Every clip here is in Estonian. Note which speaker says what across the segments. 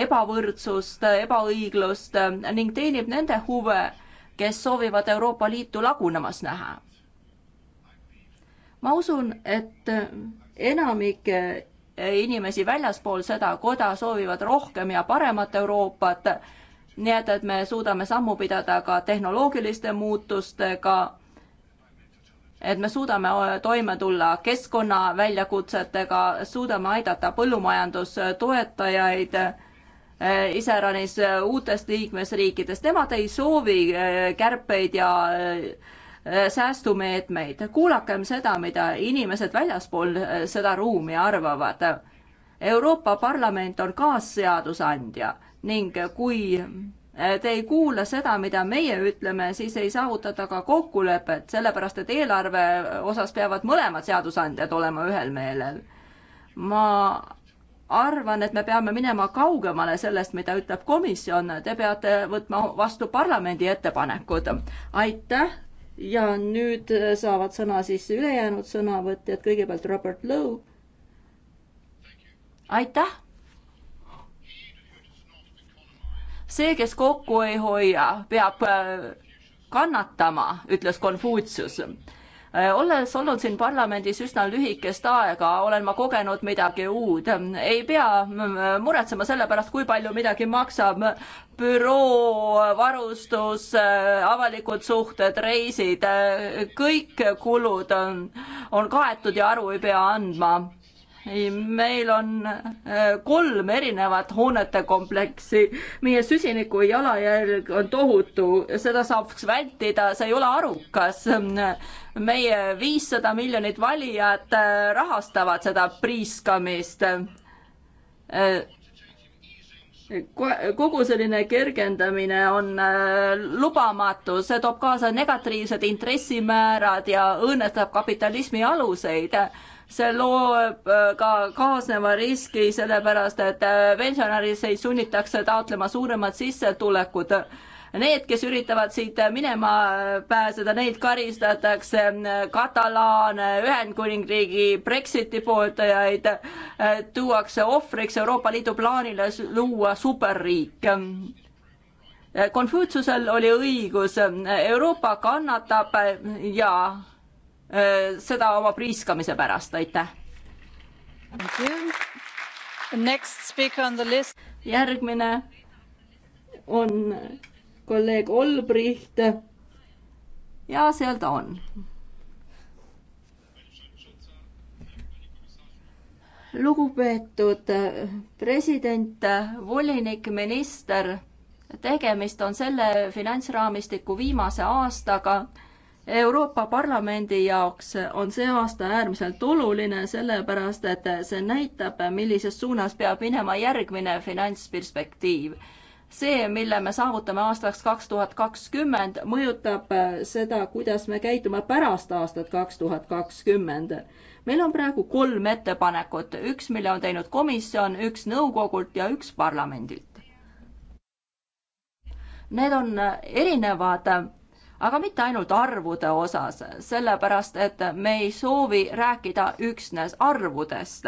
Speaker 1: ebavõrdsust, ebaõiglust ning teenib nende huve, kes soovivad Euroopa Liitu lagunemas näha. ma usun, et enamik inimesi väljaspool seda koda soovivad rohkem ja paremat Euroopat, nii et, et me suudame sammu pidada ka tehnoloogiliste muutustega, et me suudame toime tulla keskkonna väljakutsetega, suudame aidata põllumajandustoetajaid Eh, iseäranis eh, uutest liikmesriikidest, nemad ei soovi eh, kärpeid ja säästumeetmeid, kuulakem seda, mida inimesed väljaspool seda ruumi arvavad. Euroopa Parlament on kaasseadusandja ning kui te ei kuula seda, mida meie ütleme, siis ei saavutata ka kokkulepet, sellepärast et eelarve osas peavad mõlemad seadusandjad olema ühel meelel. ma arvan, et me peame minema kaugemale sellest, mida ütleb komisjon, te peate võtma vastu parlamendi ettepanekud. aitäh ja nüüd saavad sõna siis ülejäänud sõnavõtjad, kõigepealt Robert Lowe. aitäh. see, kes kokku ei hoia, peab kannatama, ütles Konfutsius Äh, olles olnud siin parlamendis üsna lühikest aega, olen ma kogenud midagi uut. ei pea mm, muretsema selle pärast, kui palju midagi maksab. büroo, varustus, äh, avalikud suhted, reisid, äh, kõik kulud on, on kaetud ja aru ei pea andma meil on äh, kolm erinevat hoonete kompleksi, meie süsiniku jalajälg on tohutu, seda saaks vältida, see ei ole arukas. meie viissada miljonit valijat äh, rahastavad seda priiskamist. Äh, kogu selline kergendamine on lubamatu, see toob kaasa negatiivsed intressimäärad ja õõnestab kapitalismi aluseid see loob äh, ka kaasneva riski, sellepärast et äh, pensionäriseid sunnitakse taotlema suuremat sissetulekut need, kes üritavad siit minema äh, pääseda, neid karistatakse katalaane, Ühendkuningriigi Brexiti pooldajaid, tuuakse ohvriks Euroopa Liidu plaanile luua superriik. Konfutsiusel oli õigus, Euroopa kannatab ja Äh, seda oma priiskamise pärast, aitäh. järgmine on kolleeg Olbricht. ja seal ta on. lugupeetud president, volinik, minister, tegemist on selle finantsraamistiku viimase aastaga Euroopa Parlamendi jaoks on see aasta äärmiselt oluline, sellepärast et see näitab, millises suunas peab minema järgmine finantsperspektiiv. see, mille me saavutame aastaks kaks tuhat kakskümmend, mõjutab seda, kuidas me käitume pärast aastat kaks tuhat kakskümmend meil on praegu kolm ettepanekut, üks, mille on teinud komisjon, üks nõukogult ja üks parlamendilt. Need on erinevad aga mitte ainult arvude osas, sellepärast et me ei soovi rääkida üksnes arvudest.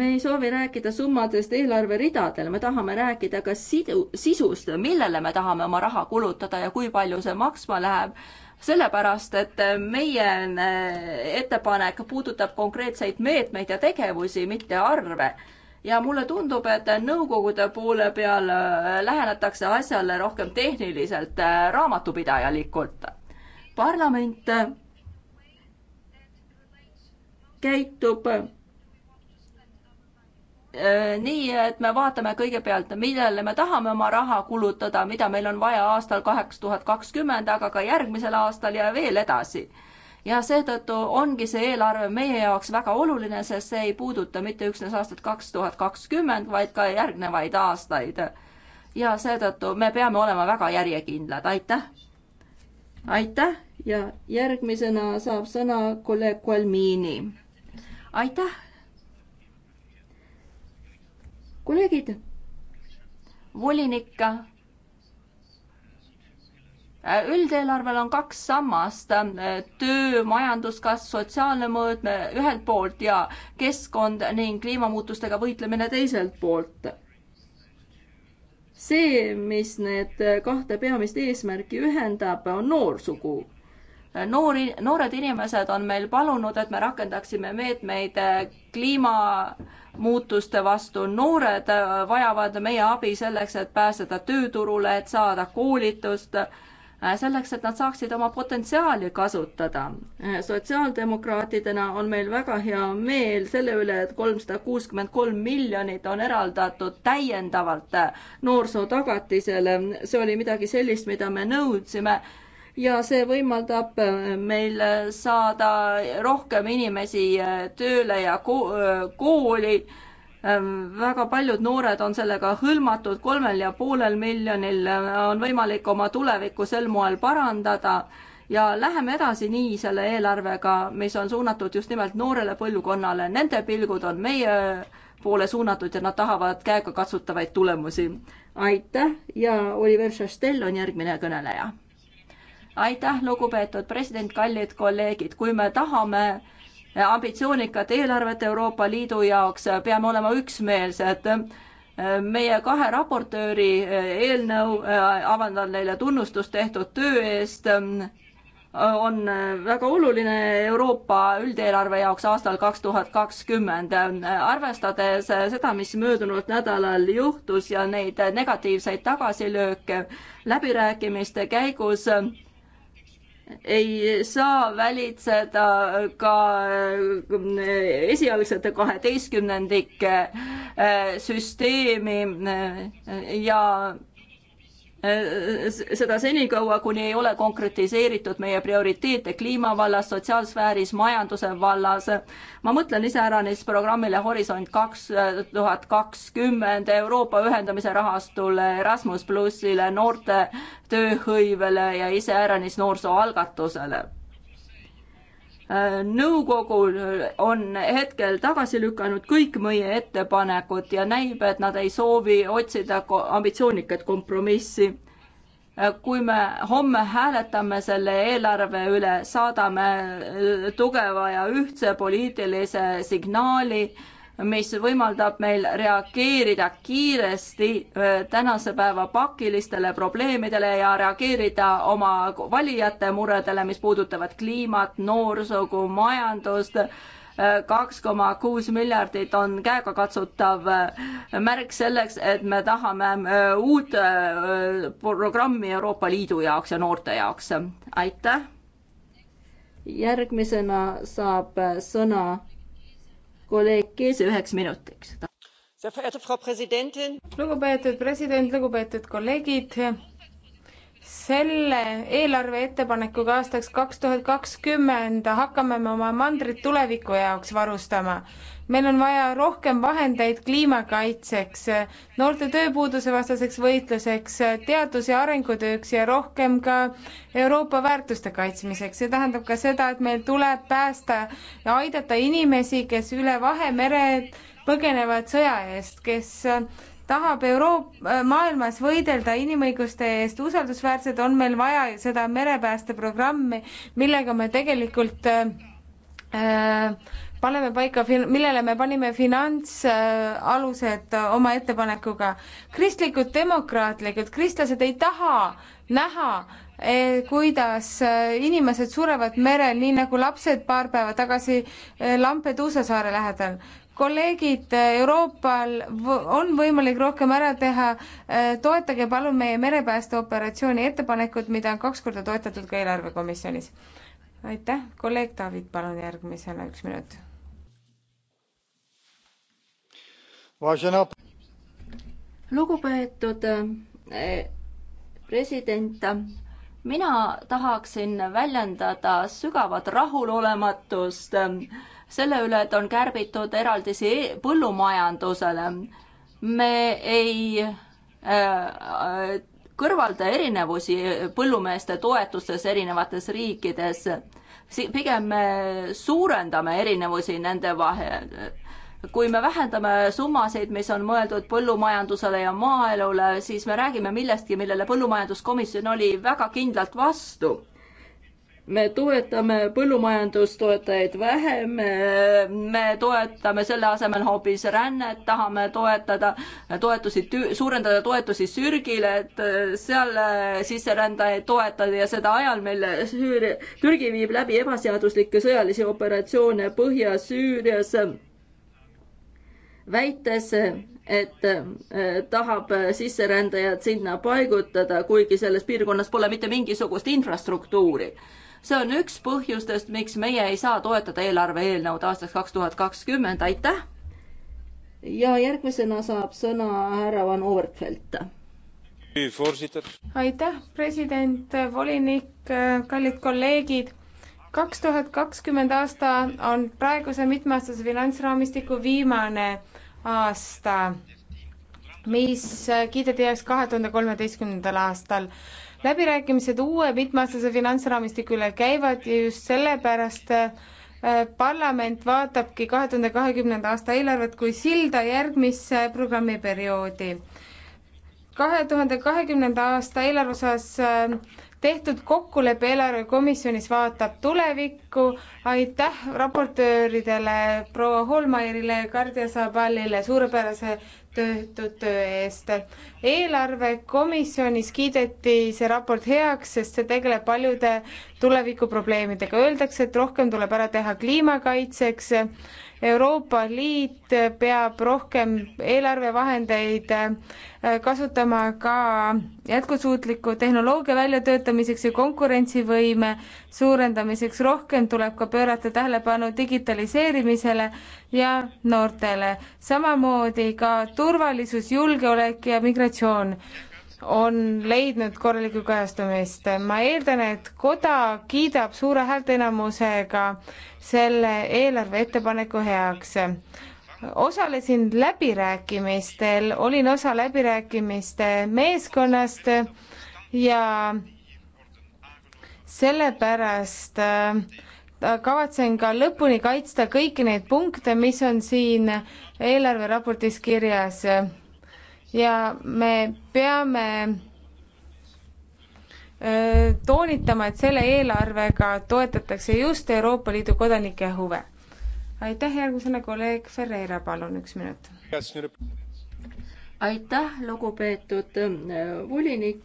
Speaker 1: me ei soovi rääkida summadest eelarveridadel, me tahame rääkida ka sidu, sisust, millele me tahame oma raha kulutada ja kui palju see maksma läheb sellepärast, et meie ettepanek puudutab konkreetseid meetmeid ja tegevusi, mitte arve ja mulle tundub, et nõukogude poole peal äh, lähenetakse asjale rohkem tehniliselt, äh, raamatupidajalikult. parlament äh, käitub nii, et me vaatame kõigepealt, millele me tahame oma raha kulutada, mida meil on vaja aastal kaheksa tuhat kakskümmend, aga ka järgmisel aastal ja veel edasi ja seetõttu ongi see eelarve meie jaoks väga oluline, sest see ei puuduta mitte üksnes aastat kaks tuhat kakskümmend, vaid ka järgnevaid aastaid. ja seetõttu me peame olema väga järjekindlad, aitäh! aitäh ja järgmisena saab sõna kolleeg Kolmiini. aitäh! kolleegid, volinik üldeelarvel on kaks sammast, töö, majanduskasv, sotsiaalne mõõtme ühelt poolt ja keskkond ning kliimamuutustega võitlemine teiselt poolt. see, mis need kahte peamist eesmärki ühendab, on noorsugu noori, noored inimesed on meil palunud, et me rakendaksime meetmeid kliimamuutuste vastu. noored vajavad meie abi selleks, et pääseda tööturule, et saada koolitust Äh, selleks, et nad saaksid oma potentsiaali kasutada. Äh, sotsiaaldemokraatidena on meil väga hea meel selle üle, et kolmsada kuuskümmend kolm miljonit on eraldatud täiendavalt äh, noorsootagatisele. see oli midagi sellist, mida me nõudsime ja see võimaldab meil saada rohkem inimesi tööle ja kooli Ehm, väga paljud noored on sellega hõlmatud, kolmel ja poolel miljonil ehm, on võimalik oma tulevikku sel moel parandada ja läheme edasi nii selle eelarvega, mis on suunatud just nimelt noorele põlvkonnale, nende pilgud on meie poole suunatud ja nad tahavad käegakatsutavaid tulemusi. aitäh ja Oliver Šeštel on järgmine kõneleja. aitäh, lugupeetud president, kallid kolleegid, kui me tahame ambitsioonikat eelarvet Euroopa Liidu jaoks, peame olema üksmeelsed. meie kahe raportööri eelnõu, äh, avaldan neile tunnustust tehtud töö eest, on väga oluline Euroopa üldeelarve jaoks aastal kaks tuhat kakskümmend. arvestades seda, mis möödunud nädalal juhtus ja neid negatiivseid tagasilööke läbirääkimiste käigus, ei saa välitseda ka äh, esialgsete kaheteistkümnendike äh, süsteemi äh, ja Äh, seda senikaua, kuni ei ole konkretiseeritud meie prioriteete kliima vallas, sotsiaalsfääris, majanduse vallas. ma mõtlen iseäranis programmile Horisont kaks tuhat kakskümmend, Euroopa ühendamise rahastule, Erasmus plussile, noorte tööhõivele ja iseäranis noorsooalgatusele nõukogul on hetkel tagasi lükanud kõik meie ettepanekud ja näib, et nad ei soovi otsida ambitsioonikat kompromissi. kui me homme hääletame selle eelarve üle, saadame tugeva ja ühtse poliitilise signaali mis võimaldab meil reageerida kiiresti äh, tänase päeva pakilistele probleemidele ja reageerida oma valijate muredele, mis puudutavad kliimat, noorsugu, majandust äh, kaks koma kuus miljardit on käegakatsutav äh, märk selleks, et me tahame uut programmi Euroopa Liidu jaoks ja noorte jaoks. aitäh. järgmisena saab sõna kolleeg Kiese üheks minutiks. lugupeetud president, lugupeetud kolleegid
Speaker 2: selle eelarve ettepanekuga aastaks kaks tuhat kakskümmend hakkame me oma mandrit tuleviku jaoks varustama. meil on vaja rohkem vahendeid kliimakaitseks, noorte tööpuuduse vastaseks võitluseks, teadus- ja arengutööks ja rohkem ka Euroopa väärtuste kaitsmiseks. see tähendab ka seda, et meil tuleb päästa ja aidata inimesi, kes üle Vahemere põgenevad sõja eest, kes tahab Euroop-, maailmas võidelda inimõiguste eest usaldusväärselt, on meil vaja seda merepäästeprogrammi, millega me tegelikult äh, äh paneme paika, millele me panime finantsalused äh, oma ettepanekuga. kristlikud demokraatlikud kristlased ei taha näha eh,, kuidas äh, inimesed surevad merel, nii nagu lapsed paar päeva tagasi eh, äh, Lampeduusa saare lähedal kolleegid, Euroopal on võimalik rohkem ära teha, eh, toetage palun meie merepäästeoperatsiooni ettepanekut, mida on kaks korda toetatud ka eelarvekomisjonis. aitäh, kolleeg David, palun järgmisena üks minut.
Speaker 1: lugupeetud eh, president, mina tahaksin väljendada sügavat rahulolematust äh, selle üle, et on kärbitud eraldisi põllumajandusele. me ei äh, kõrvalda erinevusi põllumeeste toetustes erinevates riikides. pigem me suurendame erinevusi nende vahel. kui me vähendame summasid, mis on mõeldud põllumajandusele ja maaelule, siis me räägime millestki, millele põllumajanduskomisjon oli väga kindlalt vastu me toetame põllumajandustoetajaid vähem, me toetame selle asemel hoopis rännet, tahame toetada toetusi, suurendada toetusi Sürgile, et äh, seal äh, sisserändajaid toetada ja seda ajal meil Süüria, Türgi viib läbi ebaseaduslikke sõjalisi operatsioone Põhja-Süürias, väites, et äh, tahab sisserändajad sinna paigutada, kuigi selles piirkonnas pole mitte mingisugust infrastruktuuri see on üks põhjustest, miks meie ei saa toetada eelarve eelnõud aastaks kaks tuhat kakskümmend, aitäh. ja järgmisena saab sõna härra Van Overfeld.
Speaker 2: aitäh, president, volinik, kallid kolleegid kaks tuhat kakskümmend aasta on praeguse mitmeaastase finantsraamistiku viimane aasta, mis kiideti heaks kahe tuhande kolmeteistkümnendal aastal läbirääkimised uue mitmeaastase finantsraamistiku üle käivad ja just sellepärast äh, parlament vaatabki kahe tuhande kahekümnenda aasta eelarvet kui silda järgmisse programmiperioodi. kahe tuhande kahekümnenda aasta eelarve osas äh, tehtud kokkulepe eelarvekomisjonis vaatab tulevikku. aitäh raportööridele, proua Holmairile, Kardia Sabalile suurepärase töötud töö eest. eelarvekomisjonis kiideti see raport heaks, sest see tegeleb paljude tulevikuprobleemidega. Öeldakse, et rohkem tuleb ära teha kliimakaitseks Euroopa Liit peab rohkem eelarvevahendeid äh, kasutama ka jätkusuutliku tehnoloogia väljatöötamiseks ja konkurentsivõime suurendamiseks. rohkem tuleb ka pöörata tähelepanu digitaliseerimisele ja noortele, samamoodi ka turvalisus, julgeolek ja migratsioon on leidnud korralikku kajastamist. ma eeldan, et koda kiidab suure häälteenamusega selle eelarve ettepaneku heaks. osalesin läbirääkimistel, olin osa läbirääkimiste meeskonnast ja sellepärast äh, kavatsen ka lõpuni kaitsta kõiki neid punkte, mis on siin eelarveraportis kirjas ja me peame toonitama, et selle eelarvega toetatakse just Euroopa Liidu kodanike huve. aitäh, järgmisena kolleeg Ferreira, palun üks minut.
Speaker 1: aitäh, lugupeetud volinik.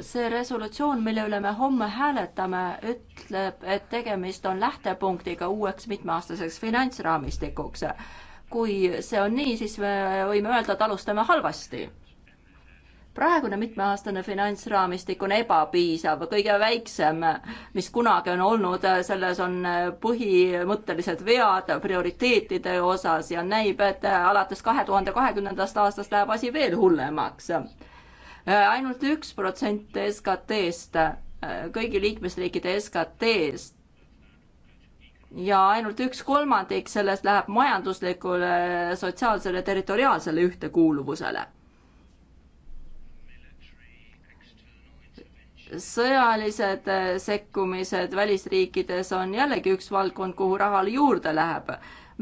Speaker 1: see resolutsioon, mille üle me homme hääletame, ütleb, et tegemist on lähtepunktiga uueks mitmeaastaseks finantsraamistikuks kui see on nii, siis me võime öelda, et alustame halvasti. praegune mitmeaastane finantsraamistik on ebapiisav, kõige väiksem, mis kunagi on olnud, selles on põhimõttelised vead prioriteetide osas ja näib, et alates kahe tuhande kahekümnendast aastast läheb asi veel hullemaks ainult üks protsent SKT-st, kõigi liikmesriikide SKT-st ja ainult üks kolmandik sellest läheb majanduslikule, sotsiaalsele, territoriaalsele ühtekuuluvusele. sõjalised eh, sekkumised välisriikides on jällegi üks valdkond, kuhu raha juurde läheb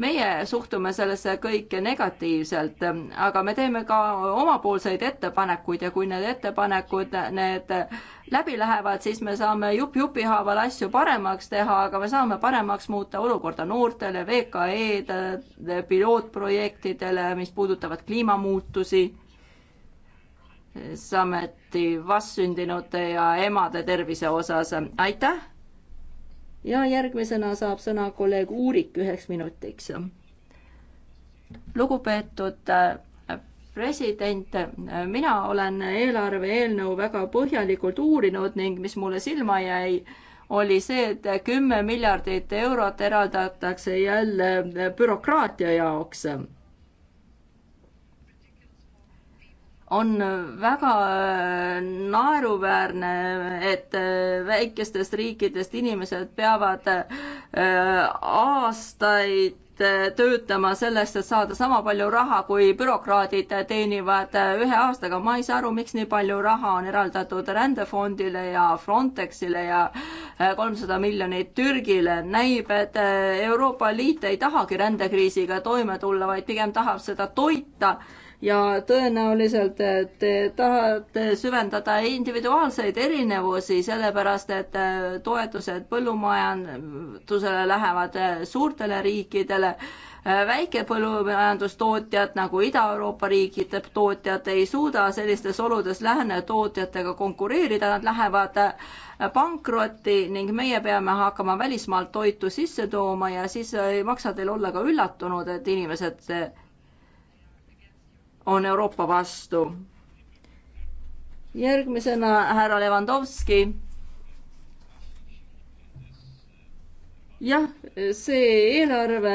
Speaker 1: meie suhtume sellesse kõike negatiivselt, aga me teeme ka omapoolseid ettepanekuid ja kui need ettepanekud, need läbi lähevad, siis me saame jupp-jupi haaval asju paremaks teha, aga me saame paremaks muuta olukorda noortele, VKE-dele, pilootprojektidele, mis puudutavad kliimamuutusi, samuti vastsündinute ja emade tervise osas. aitäh! ja järgmisena saab sõna kolleeg Uurik üheks minutiks. lugupeetud äh, president, äh, mina olen eelarve eelnõu väga põhjalikult uurinud ning mis mulle silma jäi, oli see, et kümme miljardit eurot eraldatakse jälle äh, bürokraatia jaoks on väga äh, naeruväärne, et äh, väikestest riikidest inimesed peavad äh, aastaid töötama sellest, et saada sama palju raha, kui bürokraadid teenivad ühe aastaga. ma ei saa aru, miks nii palju raha on eraldatud rändefondile ja Frontexile ja kolmsada miljonit Türgile. näib, et Euroopa Liit ei tahagi rändekriisiga toime tulla, vaid pigem tahab seda toita ja tõenäoliselt eh, te tahate süvendada individuaalseid erinevusi, sellepärast et eh, toetused põllumajandusele lähevad eh, suurtele riikidele väikepõllumajandustootjad nagu Ida-Euroopa riikide tootjad ei suuda sellistes oludes lääne tootjatega konkureerida, nad lähevad pankrotti ning meie peame hakkama välismaalt toitu sisse tooma ja siis ei maksa teil olla ka üllatunud, et inimesed on Euroopa vastu. järgmisena härra Levandovski. jah, see eelarve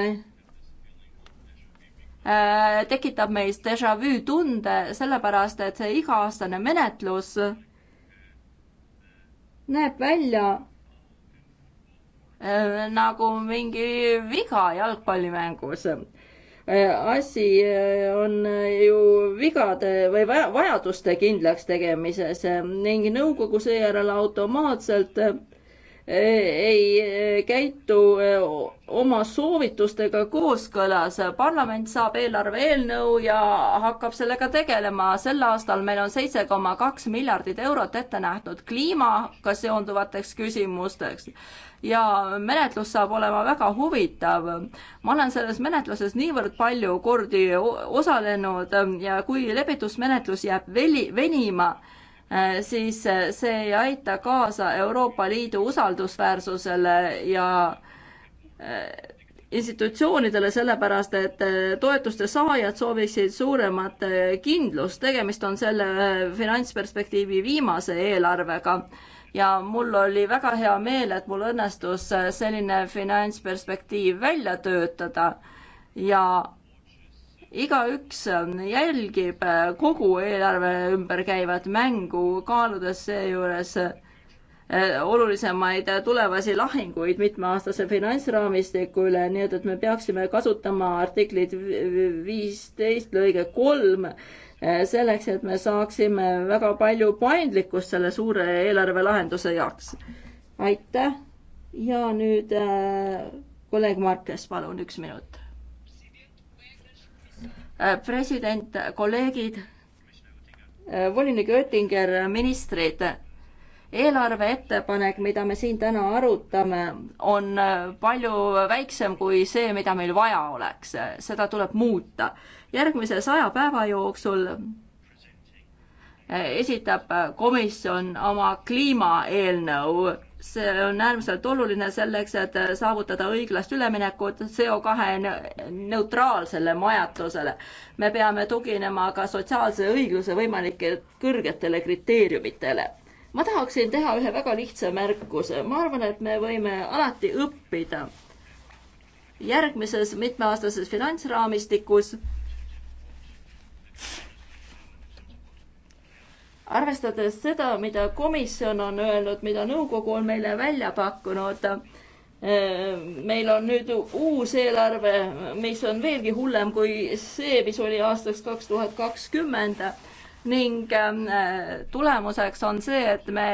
Speaker 1: äh, tekitab meis déjà vu tunde, sellepärast et see iga-aastane menetlus näeb välja äh, nagu mingi viga jalgpallimängus. Äh, asi äh, on äh, ju vigade või vajaduste kindlaks tegemises ning nõukogu seejärel automaatselt ei käitu oma soovitustega kooskõlas. parlament saab eelarve eelnõu ja hakkab sellega tegelema. sel aastal meil on seitse koma kaks miljardit eurot ette nähtud kliimaga seonduvateks küsimusteks ja menetlus saab olema väga huvitav. ma olen selles menetluses niivõrd palju kordi osalenud ähm, ja kui lepitusmenetlus jääb veli, venima, äh, siis äh, see ei aita kaasa Euroopa Liidu usaldusväärsusele ja äh, institutsioonidele, sellepärast et toetuste saajad sooviksid suuremat kindlust, tegemist on selle finantsperspektiivi viimase eelarvega ja mul oli väga hea meel, et mul õnnestus äh, selline finantsperspektiiv välja töötada ja igaüks ähm, jälgib äh, kogu eelarve ümber käivat mängu, kaaludes seejuures äh, olulisemaid tulevasi lahinguid mitmeaastase finantsraamistiku üle, nii et, et me peaksime kasutama artiklit viisteist lõige kolm Eh, selleks, et me saaksime väga palju paindlikkust selle suure eelarvelahenduse jaoks. aitäh ja nüüd eh, kolleeg Markes, palun üks minut. Eh, president, kolleegid, volinik Oettinger, ministrid eelarve ettepanek, mida me siin täna arutame, on palju väiksem kui see, mida meil vaja oleks, seda tuleb muuta järgmise saja päeva jooksul eh, esitab komisjon oma kliimaeelnõu. see on äärmiselt oluline selleks, et saavutada õiglast üleminekut CO2 neutraalsele majandusele. me peame tuginema ka sotsiaalse õigluse võimalike kõrgetele kriteeriumitele ma tahaksin teha ühe väga lihtsa märkuse, ma arvan, et me võime alati õppida järgmises mitmeaastases finantsraamistikus arvestades seda, mida komisjon on öelnud, mida nõukogu on meile välja pakkunud, eh, meil on nüüd uus eelarve, mis on veelgi hullem kui see, mis oli aastaks kaks tuhat kakskümmend ning eh, tulemuseks on see, et me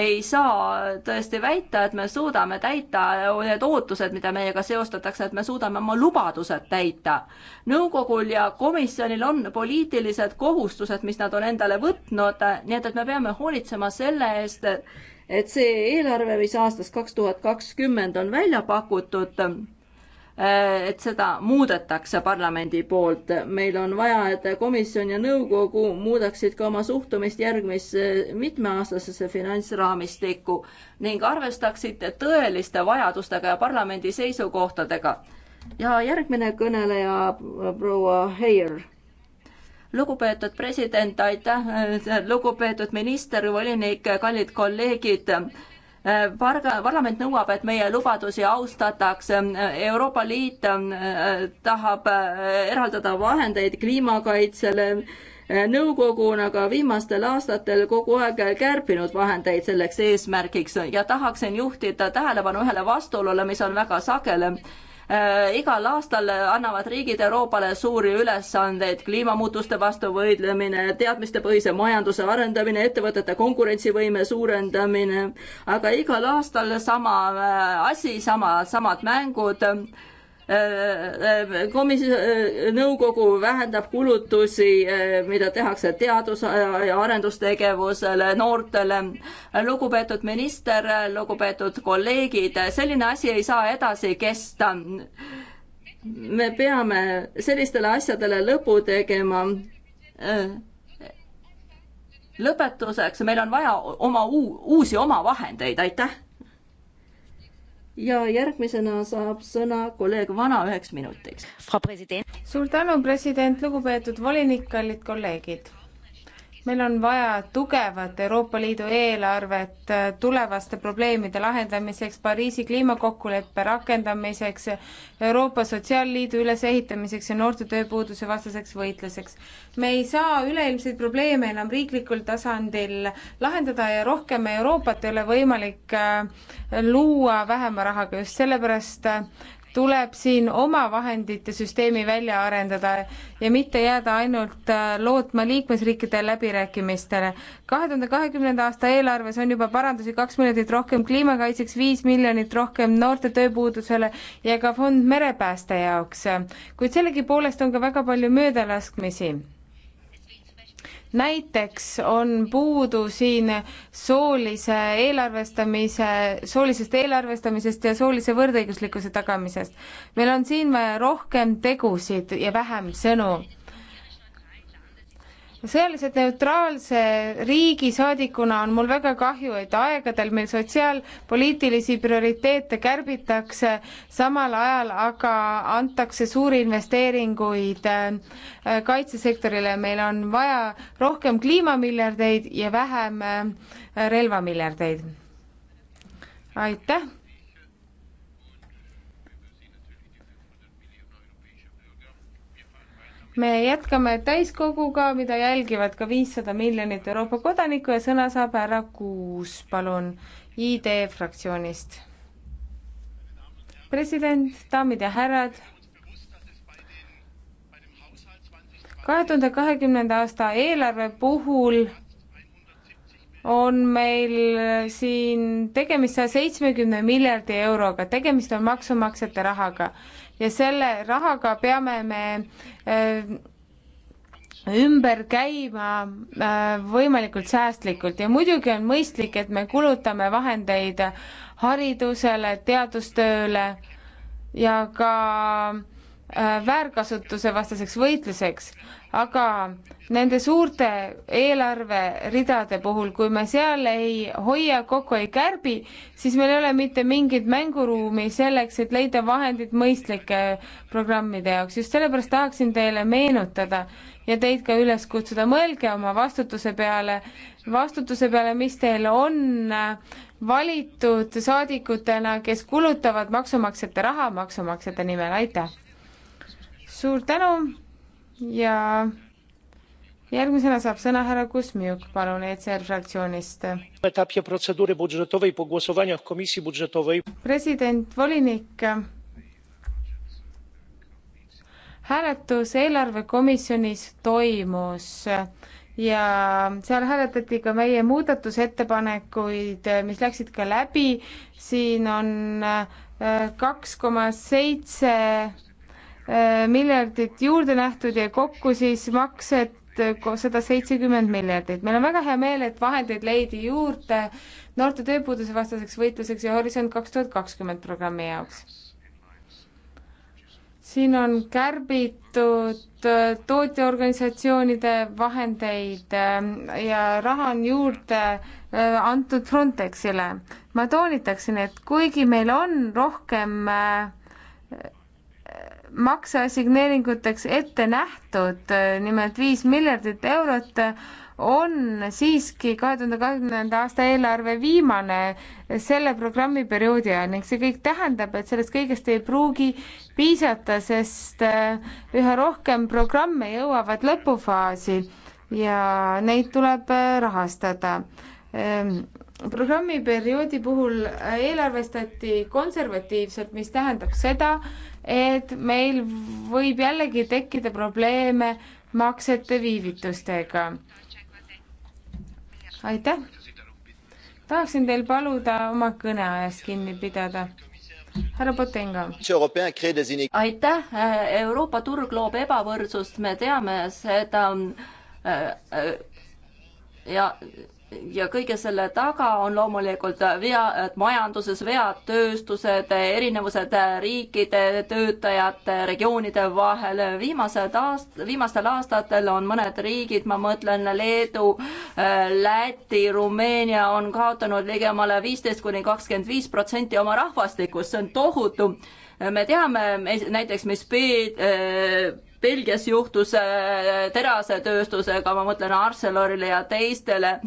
Speaker 1: ei saa tõesti väita, et me suudame täita need ootused, mida meiega seostatakse, et me suudame oma lubadused täita. nõukogul ja komisjonil on poliitilised kohustused, mis nad on endale võtnud, nii et, et me peame hoolitsema selle eest, et see eelarve, mis aastast kaks tuhat kakskümmend on välja pakutud, Äh, et seda muudetakse parlamendi poolt. meil on vaja, et komisjon ja nõukogu muudaksid ka oma suhtumist järgmisse äh, mitmeaastasesse finantsraamistikku ning arvestaksid tõeliste vajadustega ja parlamendi seisukohtadega. ja järgmine kõneleja, proua Heier. lugupeetud president, aitäh, lugupeetud minister, volinik, kallid kolleegid parga, parlament nõuab, et meie lubadusi austatakse. Euroopa Liit äh, tahab äh, eraldada vahendeid kliimakaitsele. Äh, nõukogu on aga viimastel aastatel kogu aeg kärpinud vahendeid selleks eesmärgiks ja tahaksin juhtida tähelepanu ühele vastuolule, mis on väga sagele Äh, igal aastal annavad riigid Euroopale suuri ülesandeid, kliimamuutuste vastu võidlemine, teadmistepõhise majanduse arendamine, ettevõtete konkurentsivõime suurendamine, aga igal aastal sama äh, asi, sama, samad mängud Äh, äh, komisjon, äh, nõukogu vähendab kulutusi, mida tehakse teadus- ja arendustegevusele, noortele. lugupeetud minister, lugupeetud kolleegid, selline asi ei saa edasi kesta. me peame sellistele asjadele lõpu tegema. lõpetuseks, meil on vaja oma uu-, uusi omavahendeid, aitäh ja järgmisena saab sõna kolleeg Vana üheks minutiks. suur tänu, president, lugupeetud volinik, kallid kolleegid
Speaker 2: meil on vaja tugevat Euroopa Liidu eelarvet äh, tulevaste probleemide lahendamiseks, Pariisi kliimakokkuleppe rakendamiseks, Euroopa Sotsiaalliidu ülesehitamiseks ja noorte tööpuuduse vastaseks võitluseks. me ei saa üleilmseid probleeme enam riiklikul tasandil lahendada ja rohkem Euroopat ei ole võimalik äh, luua vähema rahaga, just sellepärast äh, tuleb siin oma vahendite süsteemi välja arendada ja mitte jääda ainult äh, lootma liikmesriikide läbirääkimistele. kahe tuhande kahekümnenda aasta eelarves on juba parandusi kaks miljardit rohkem kliimakaitseks, viis miljonit rohkem noorte tööpuudusele ja ka fond merepääste jaoks, kuid sellegipoolest on ka väga palju möödalaskmisi näiteks on puudu siin soolise eelarvestamise, soolisest eelarvestamisest ja soolise võrdõiguslikkuse tagamisest. meil on siin vaja rohkem tegusid ja vähem sõnu sõjaliselt neutraalse riigi saadikuna on mul väga kahju, et aegadel meil sotsiaalpoliitilisi prioriteete kärbitakse, samal ajal aga antakse suuri investeeringuid äh, kaitsesektorile, meil on vaja rohkem kliimamiljardeid ja vähem äh, relvamiljardeid. aitäh! me jätkame täiskoguga, mida jälgivad ka viissada miljonit Euroopa kodanikku ja sõna saab härra Kuus, palun, ID fraktsioonist. president, daamid ja härrad, kahe tuhande kahekümnenda aasta eelarve puhul on meil siin tegemist saja seitsmekümne miljardi euroga, tegemist on maksumaksjate rahaga ja selle rahaga peame me äh, ümber käima äh, võimalikult säästlikult ja muidugi on mõistlik, et me kulutame vahendeid haridusele, teadustööle ja ka Äh, väärkasutuse vastaseks võitluseks, aga nende suurte eelarveridade puhul, kui me seal ei hoia kokku, ei kärbi, siis meil ei ole mitte mingit mänguruumi selleks, et leida vahendid mõistlike programmide jaoks. just sellepärast tahaksin teile meenutada ja teid ka üles kutsuda, mõelge oma vastutuse peale, vastutuse peale, mis teil on äh, valitud saadikutena, kes kulutavad maksumaksjate raha maksumaksjate nimel, aitäh! suur tänu ja järgmisena saab sõna härra Kusmiuk, palun, ECR fraktsioonist. president, volinik hääletus eelarvekomisjonis toimus ja seal hääletati ka meie muudatusettepanekuid, mis läksid ka läbi, siin on äh, kaks koma seitse Äh, miljardit juurde nähtud ja kokku siis maksed sada seitsekümmend miljardit. meil on väga hea meel, et vahendeid leidi juurde noorte tööpuuduse vastaseks võitluseks ja Horisont kaks tuhat kakskümmend programmi jaoks. siin on kärbitud äh, tootjaorganisatsioonide vahendeid äh, ja raha on juurde antud Frontexile. ma toonitaksin, et kuigi meil on rohkem äh, makseassigneeringuteks ette nähtud, nimelt viis miljardit eurot, on siiski kahe tuhande kahekümnenda aasta eelarve viimane selle programmi perioodi ajal ning see kõik tähendab, et sellest kõigest ei pruugi piisata, sest äh, üha rohkem programme jõuavad lõpufaasi ja neid tuleb äh, rahastada ehm, programmiperioodi puhul eelarvestati konservatiivselt, mis tähendab seda, et meil võib jällegi tekkida probleeme maksete viivitustega. aitäh! tahaksin teil paluda oma kõneajast
Speaker 1: kinni pidada härra Potenga. aitäh, Euroopa turg loob ebavõrdsust, me teame seda ja ja kõige selle taga on loomulikult vead majanduses, vead tööstused, erinevused riikide, töötajate, regioonide vahel. viimased aast-, viimastel aastatel on mõned riigid, ma mõtlen Leedu, Läti, Rumeenia on kaotanud ligemale viisteist kuni kakskümmend viis protsenti oma rahvastikust, see on tohutu. me teame näiteks, mis pe-, Belgias juhtus terasetööstusega, ma mõtlen Arcelorille ja teistele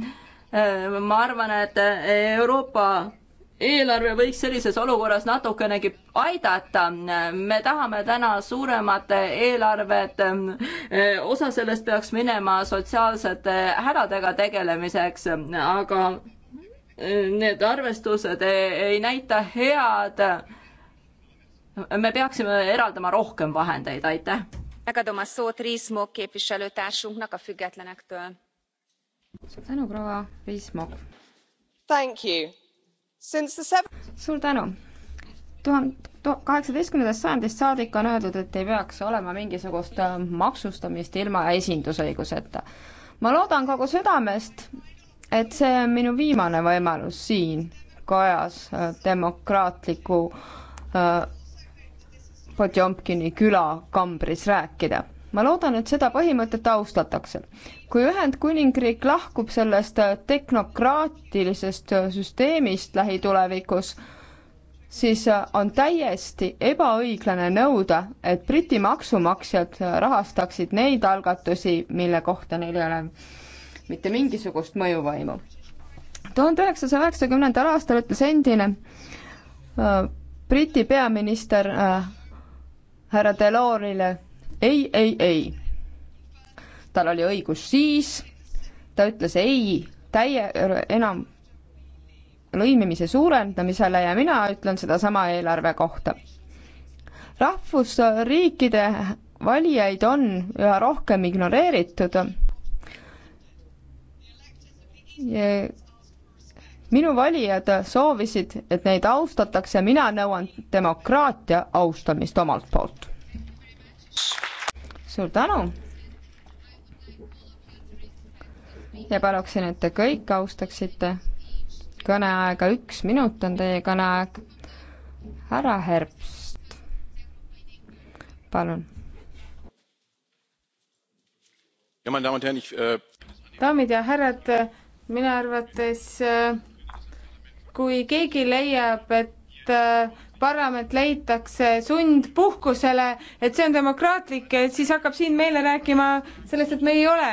Speaker 1: Äh, ma arvan, et äh, Euroopa eelarve võiks sellises olukorras natukenegi aidata. me tahame täna suuremat eelarvet. Äh, osa sellest peaks minema sotsiaalsete hädadega tegelemiseks, aga need arvestused ei näita head. me peaksime eraldama rohkem vahendeid, aitäh.
Speaker 3: megadom a szót Riis Mók képviselőtársunknak a függetlenektől
Speaker 4: suur tänu, proua Viismok. suur tänu. tuhande kaheksateistkümnendast sajandist saadik on öeldud, et ei peaks olema mingisugust äh, maksustamist ilma esindusõiguseta. ma loodan kogu südamest, et see on minu viimane võimalus siin kojas äh, demokraatliku äh, Potjomkini küla kambris rääkida ma loodan, et seda põhimõtet austatakse. kui Ühendkuningriik lahkub sellest tehnokraatilisest süsteemist lähitulevikus, siis on täiesti ebaõiglane nõuda, et Briti maksumaksjad rahastaksid neid algatusi, mille kohta neil ei ole mitte mingisugust mõjuvõimu. tuhande üheksasaja üheksakümnendal aastal ütles endine äh, Briti peaminister äh, härra Delorile ei, ei, ei. tal oli õigus siis, ta ütles ei täie, enam lõimimise suurendamisele ja mina ütlen sedasama eelarve kohta. rahvusriikide valijaid on üha rohkem ignoreeritud. minu valijad soovisid, et neid austatakse, mina nõuan demokraatia austamist omalt poolt suur tänu! ja paluksin, et te kõik austaksite kõneaega, üks minut on teie kõneaeg. härra Herbst, palun.
Speaker 1: Äh,
Speaker 2: daamid ja härrad, minu arvates äh, kui keegi leiab, et äh, parlament leitakse sundpuhkusele, et see on demokraatlik, et siis hakkab siin meile rääkima sellest, et me ei ole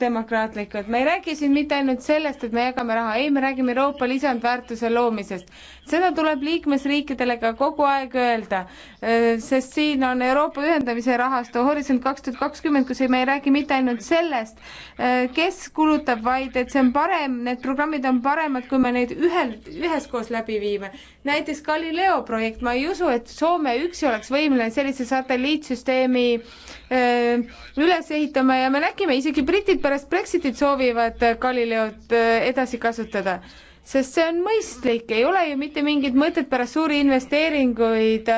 Speaker 2: demokraatlikud. me ei räägi siin mitte ainult sellest, et me jagame raha, ei, me räägime Euroopa lisandväärtuse loomisest. seda tuleb liikmesriikidele ka kogu aeg öelda, äh, sest siin on Euroopa ühendamise rahastu Horisont kaks tuhat kakskümmend, kus me ei räägi mitte ainult sellest, äh, kes kulutab, vaid et see on parem, need programmid on paremad, kui me neid ühel, üheskoos läbi viime. näiteks Galileo projekt projekt, ma ei usu, et Soome üksi oleks võimeline sellise satelliitsüsteemi äh, üles ehitama ja me nägime, isegi britid pärast Brexitit soovivad Galileod äh, edasi kasutada sest see on mõistlik, ei ole ju mitte mingit mõtet pärast suuri investeeringuid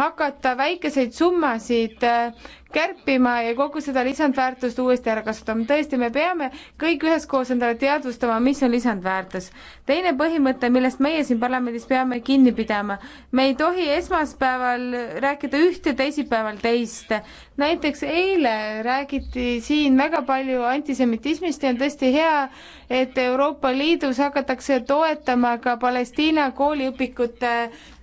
Speaker 2: hakata väikeseid summasid äh, kärpima ja kogu seda lisandväärtust uuesti ära kasutama. tõesti, me peame kõik üheskoos endale teadvustama, mis on lisandväärtus. teine põhimõte, millest meie siin parlamendis peame kinni pidama, me ei tohi esmaspäeval rääkida üht ja teisipäeval teist. näiteks eile räägiti siin väga palju antisemitismist ja on tõesti hea, et Euroopa Liidus hakatakse toetama ka Palestiina kooliõpikute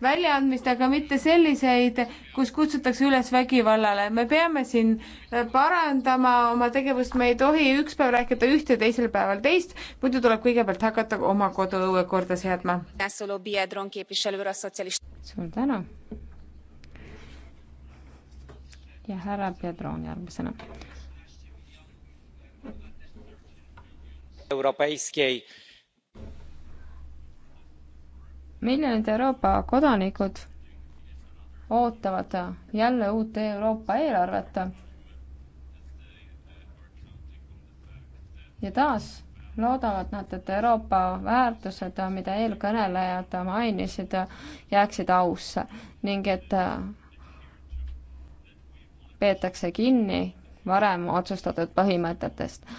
Speaker 2: väljaandmist, aga mitte selliseid, kus kutsutakse üles vägivallale. me peame peame siin äh, parandama oma tegevust, me ei tohi üks päev rääkida üht ja teisel päeval teist, muidu tuleb kõigepealt hakata oma koduõue korda seadma. suur tänu. ja
Speaker 4: härra Piedron järgmisena. miljonid Euroopa kodanikud ootavad jälle uut Euroopa eelarvet. ja taas loodavad nad, et Euroopa väärtused, mida eelkõnelejad mainisid, jääksid ausse ning et peetakse kinni varem otsustatud põhimõtetest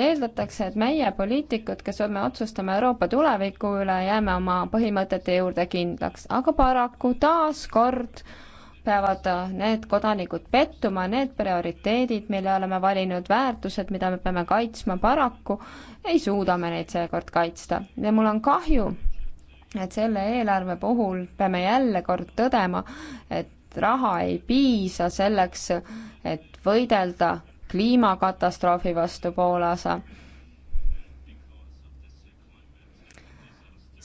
Speaker 4: eeldatakse, et meie, poliitikud, kes me otsustame Euroopa tuleviku üle, jääme oma põhimõtete juurde kindlaks, aga paraku taas kord peavad need kodanikud pettuma, need prioriteedid, mille oleme valinud, väärtused, mida me peame kaitsma, paraku ei suuda me neid seekord kaitsta ja mul on kahju, et selle eelarve puhul peame jälle kord tõdema, et raha ei piisa selleks, et võidelda kliimakatastroofi vastu Poolas.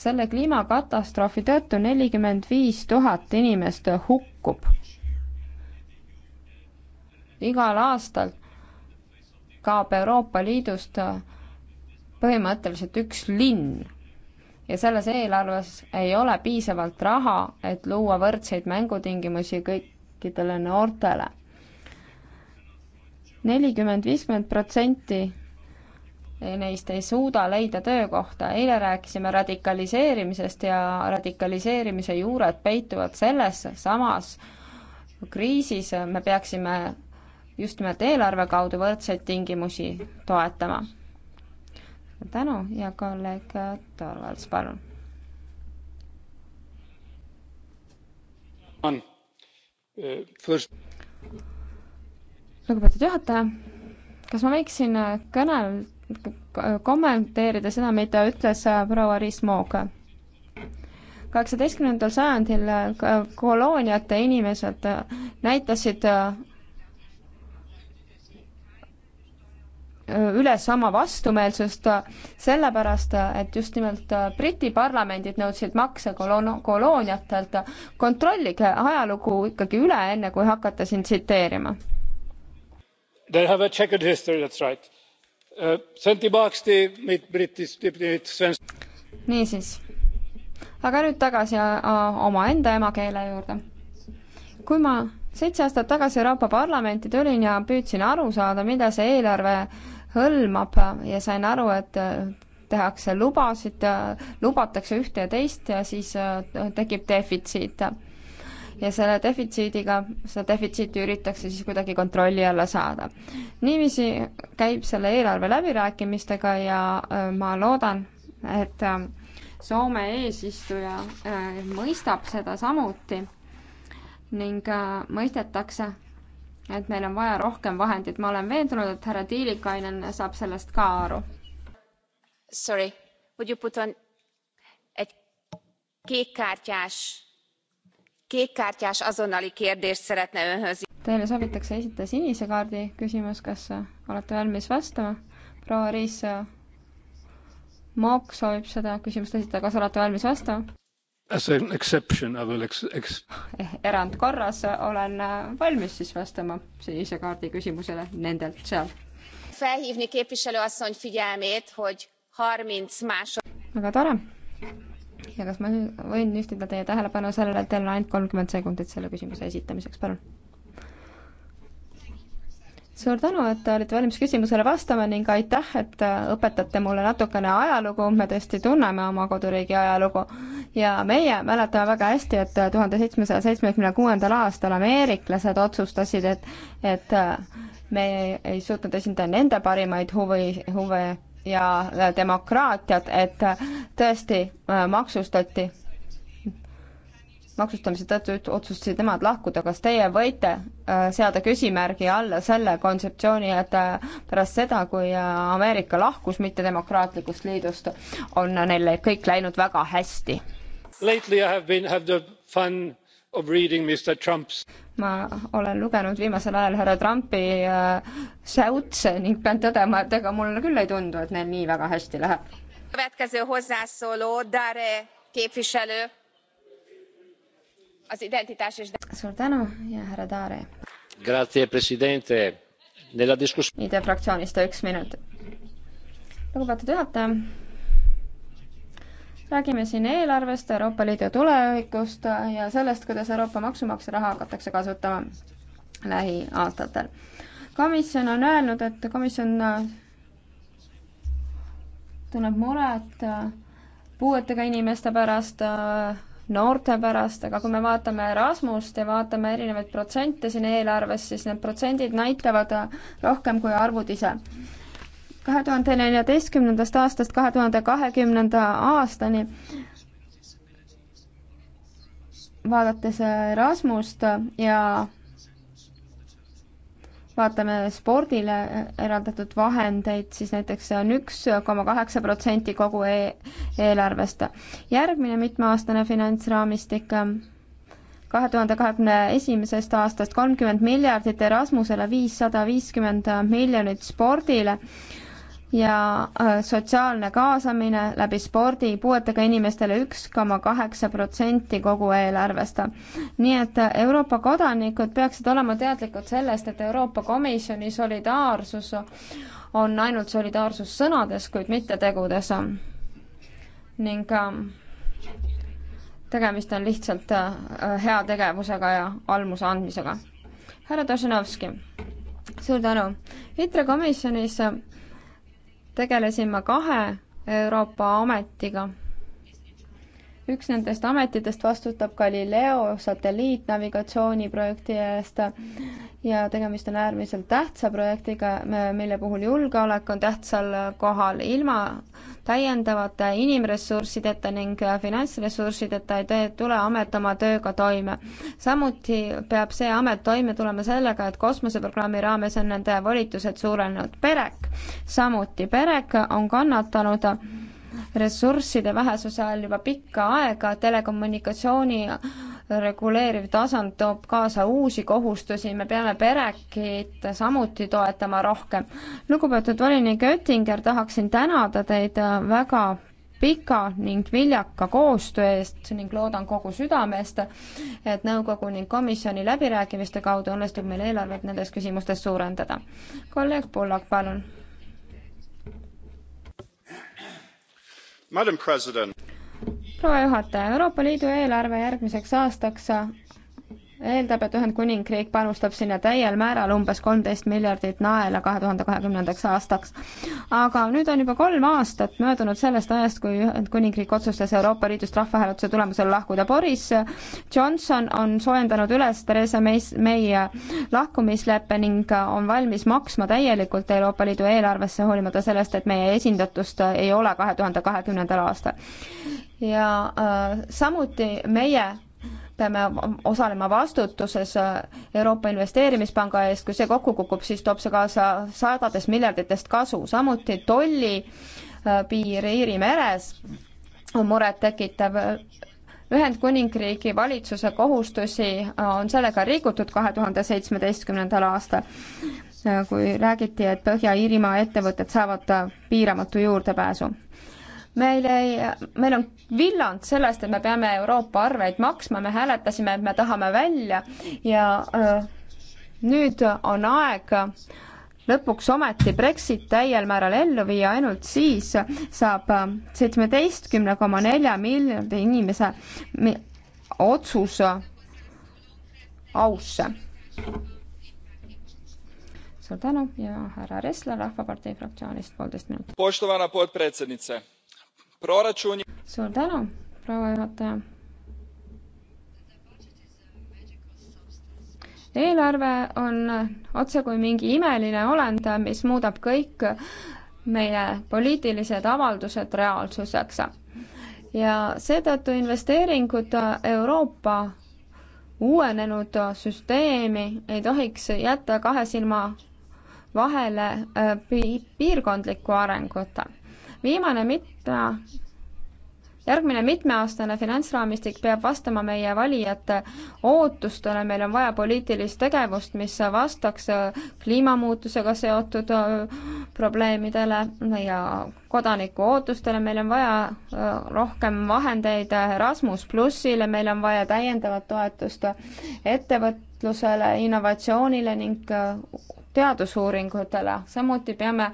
Speaker 4: selle kliimakatastroofi tõttu nelikümmend viis tuhat inimest hukkub. igal aastal kaob Euroopa Liidust põhimõtteliselt üks linn ja selles eelarves ei ole piisavalt raha, et luua võrdseid mängutingimusi kõikidele noortele nelikümmend, viiskümmend protsenti neist ei suuda leida töökohta. eile rääkisime radikaliseerimisest ja radikaliseerimise juured peituvad selles samas kriisis, me peaksime just nimelt eelarve kaudu võrdseid tingimusi toetama. tänu ja kolleeg Torvalds, palun.
Speaker 3: Äh, first
Speaker 4: lugupeetud juhataja, kas ma võiksin äh, kõnel-, kommenteerida seda, mida ütles äh, proua Riis Moog? kaheksateistkümnendal sajandil äh, kolooniate inimesed näitasid üles oma vastumeelsust sellepärast, et just nimelt Briti parlamendid nõudsid makse koloon-, kolooniatelt. kontrollige ajalugu ikkagi üle, enne kui hakata siin tsiteerima
Speaker 3: they have a checkered history that's right. Uh,
Speaker 4: niisiis aga nüüd tagasi äh, omaenda emakeele juurde. kui ma seitse aastat tagasi Euroopa Parlamenti tulin ja püüdsin aru saada, mida see eelarve hõlmab ja sain aru, et äh, tehakse lubasid, äh, lubatakse ühte ja teist ja siis tekib defitsiit ja selle defitsiidiga, seda defitsiiti üritatakse siis kuidagi kontrolli alla saada. niiviisi käib selle eelarve läbirääkimistega ja äh, ma loodan, et äh, Soome eesistuja äh, mõistab seda samuti ning mõistetakse, et meil on vaja rohkem vahendeid. ma olen veendunud, et härra Tiilikainen saab sellest ka aru.
Speaker 3: Sorry, would you put on, et kiikkäärt jääs? kékkártyás azonnali kérdést szeretne önhöz.
Speaker 4: Teile soovitakse esitada sinise kaardi küsimus, kas olete valmis vastama? proua Riis Mook soovib seda küsimust esitada, kas olete valmis vastama?
Speaker 3: As an exception
Speaker 4: I will ex-, ex-. Eh, erandkorras olen valmis siis vastama sinise kaardi küsimusele nendelt seal.
Speaker 3: Felhívni képviselőasszony figyelmét, hogy 30 másod-.
Speaker 4: väga tore ja kas ma võin juhtida teie tähelepanu sellele, et teil on ainult kolmkümmend sekundit selle küsimuse esitamiseks, palun? suur tänu, et olite valmis küsimusele vastama ning aitäh, et õpetate mulle natukene ajalugu, me tõesti tunneme oma koduriigi ajalugu ja meie mäletame väga hästi, et tuhande seitsmesaja seitsmekümne kuuendal aastal ameeriklased otsustasid, et, et me ei suutnud esindada nende parimaid huvi, huve ja äh, demokraatiat, et äh, tõesti äh, maksustati, maksustamise tõttu otsustasid nemad lahkuda, kas teie võite seada küsimärgi alla selle kontseptsiooni, et pärast seda, kui Ameerika lahkus mittedemokraatlikust liidust, on neil kõik läinud väga hästi?
Speaker 3: Lately I have been, have the fun
Speaker 4: ma olen lugenud viimasel ajal härra Trumpi äh, säutse ning pean tõdema, et ega mulle küll ei tundu, et neil nii väga hästi läheb.
Speaker 3: következő hozzászóló Dare képviselő az identitás és...
Speaker 4: Suur tänu ja härra Dare. Grazie, president. Nella discuss-... ID fraktsioonist üks minut. lugupeetud juhataja räägime siin eelarvest, Euroopa Liidu tulevikust ja sellest, kuidas Euroopa maksumaksja raha hakatakse kasutama lähiaastatel. komisjon on öelnud, et komisjon tunneb muret puuetega inimeste pärast, noorte pärast, aga kui me vaatame Erasmust ja vaatame erinevaid protsente siin eelarves, siis need protsendid näitavad rohkem kui arvud ise kahe tuhande neljateistkümnendast aastast kahe tuhande kahekümnenda aastani vaadates Erasmust ja vaatame spordile eraldatud vahendeid, siis näiteks see on üks koma kaheksa protsenti kogu e eelarvest. järgmine mitmeaastane finantsraamistik kahe tuhande kahekümne esimesest aastast kolmkümmend miljardit Erasmusele, viissada viiskümmend miljonit spordile ja äh, sotsiaalne kaasamine läbi spordi puuetega inimestele üks koma kaheksa protsenti kogu eelarvest. nii et äh, Euroopa kodanikud peaksid olema teadlikud sellest, et Euroopa Komisjoni solidaarsus on ainult solidaarsus sõnades, kuid mitte tegudes. ning ähm, tegemist on lihtsalt äh, heategevusega ja almuse andmisega. härra Tošenovski, suur tänu. ITRE komisjonis tegelesin ma kahe Euroopa ametiga. üks nendest ametitest vastutab Galileo satelliitnavigatsiooniprojekti eest ja tegemist on äärmiselt tähtsa projektiga, mille puhul julgeolek on tähtsal kohal. ilma täiendavate inimressurssideta ning finantsressurssideta ei tule amet oma tööga toime. samuti peab see amet toime tulema sellega, et kosmoseprogrammi raames on nende volitused suurenenud. PEREK samuti, PEREK on kannatanud ressursside vähesuse all juba pikka aega telekommunikatsiooni reguleeriv tasand toob kaasa uusi kohustusi, me peame perekid samuti toetama rohkem. lugupeetud volinik Oettinger, tahaksin tänada teid väga pika ning viljaka koostöö eest ning loodan kogu südamest, et nõukogu ning komisjoni läbirääkimiste kaudu õnnestub meil eelarvet nendes küsimustes suurendada. kolleeg Pullak, palun proua juhataja, Euroopa Liidu eelarve järgmiseks aastaks eeldab, et Ühendkuningriik panustab sinna täiel määral umbes kolmteist miljardit naela kahe tuhande kahekümnendaks aastaks. aga nüüd on juba kolm aastat möödunud sellest ajast, kui Ühendkuningriik otsustas Euroopa Liidust rahvahääletuse tulemusel lahkuda. Boris Johnson on soojendanud üles Theresa May lahkumisleppe ning on valmis maksma täielikult Euroopa Liidu eelarvesse, hoolimata sellest, et meie esindatust ei ole kahe tuhande kahekümnendal aastal. ja äh, samuti meie peame osalema vastutuses Euroopa Investeerimispanga eest, kui see kokku kukub, siis toob see kaasa sadades miljarditest kasu, samuti tollipiir äh, Iiri meres on murettekitav. Ühendkuningriigi valitsuse kohustusi on sellega rikutud kahe tuhande seitsmeteistkümnendal aastal, äh, kui räägiti, et Põhja-Iirimaa ettevõtted saavad piiramatu juurdepääsu meil ei, meil on villand sellest, et me peame Euroopa arveid maksma, me hääletasime, et me tahame välja ja äh, nüüd on aeg lõpuks ometi Brexit täiel määral ellu viia, ainult siis saab äh, seitsmeteistkümne koma nelja miljardi inimese otsus ausse. suur tänu ja härra Ressler Rahvapartei fraktsioonist poolteist
Speaker 3: minutit proračuni.
Speaker 4: suur tänu, proua juhataja. eelarve on otsekui mingi imeline olend, mis muudab kõik meie poliitilised avaldused reaalsuseks. ja seetõttu investeeringud Euroopa uuenenud süsteemi ei tohiks jätta kahe silma vahele äh, piirkondlikku arengut viimane mitme järgmine mitmeaastane finantsraamistik peab vastama meie valijate ootustele, meil on vaja poliitilist tegevust, mis vastaks kliimamuutusega seotud äh, probleemidele ja kodaniku ootustele, meil on vaja äh, rohkem vahendeid Erasmus plussile, meil on vaja täiendavat toetust ettevõtlusele, innovatsioonile ning äh, teadusuuringutele, samuti peame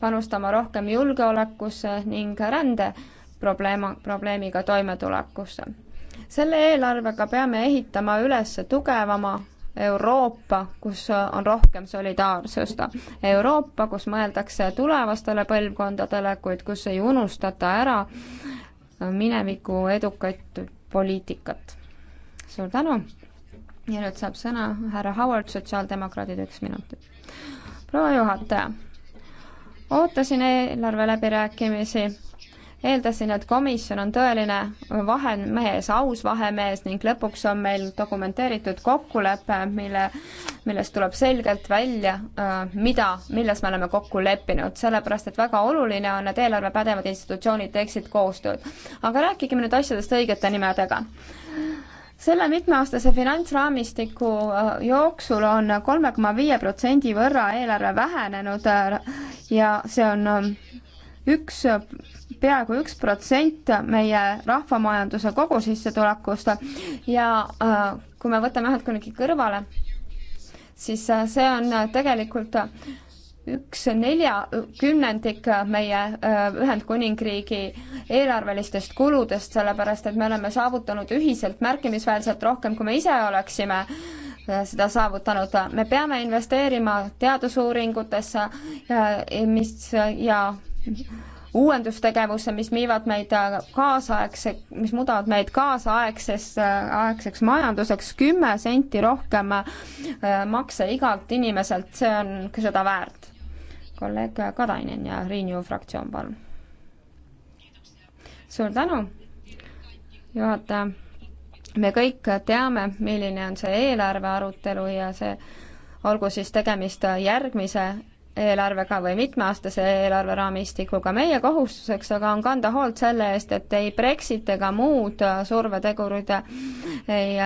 Speaker 4: panustama rohkem julgeolekusse ning rände probleema, probleemiga toimetulekusse. selle eelarvega peame ehitama üles tugevama Euroopa, kus on rohkem solidaarsust. Euroopa, kus mõeldakse tulevastele põlvkondadele, kuid kus ei unustata ära mineviku edukat poliitikat. suur tänu ja nüüd saab sõna härra Howard, sotsiaaldemokraadid, üks minut. proua juhataja ootasin eelarve läbirääkimisi, eeldasin, et komisjon on tõeline vahemees, aus vahemees ning lõpuks on meil dokumenteeritud kokkulepe, mille, millest tuleb selgelt välja, äh, mida, milles me oleme kokku leppinud, sellepärast et väga oluline on, et eelarve pädevad institutsioonid teeksid koostööd. aga rääkigem nüüd asjadest õigete nimedega selle mitmeaastase finantsraamistiku äh, jooksul on kolme koma viie protsendi võrra eelarve vähenenud äh, ja see on äh, üks, peaaegu üks protsent meie rahvamajanduse kogusissetulekust ja kui me võtame Ühendkuningriigi kõrvale, siis see on tegelikult üks neljakümnendik meie äh, Ühendkuningriigi eelarvelistest kuludest, sellepärast et me oleme saavutanud ühiselt märkimisväärselt rohkem, kui me ise oleksime äh, seda saavutanud. me peame investeerima teadusuuringutesse, äh, mis ja uuendustegevusse, mis viivad meid kaasaegse, mis muudavad meid kaasaegses, aegseks majanduseks kümme senti rohkem makse igalt inimeselt, see on ka seda väärt kolleeg Kadainen ja Renew fraktsioon, palun. suur tänu, juhataja. me kõik teame, milline on see eelarve arutelu ja see, olgu siis tegemist järgmise eelarvega või mitmeaastase eelarveraamistikuga. meie kohustuseks aga on kanda hoolt selle eest, et ei Brexit ega muud survetegurid ei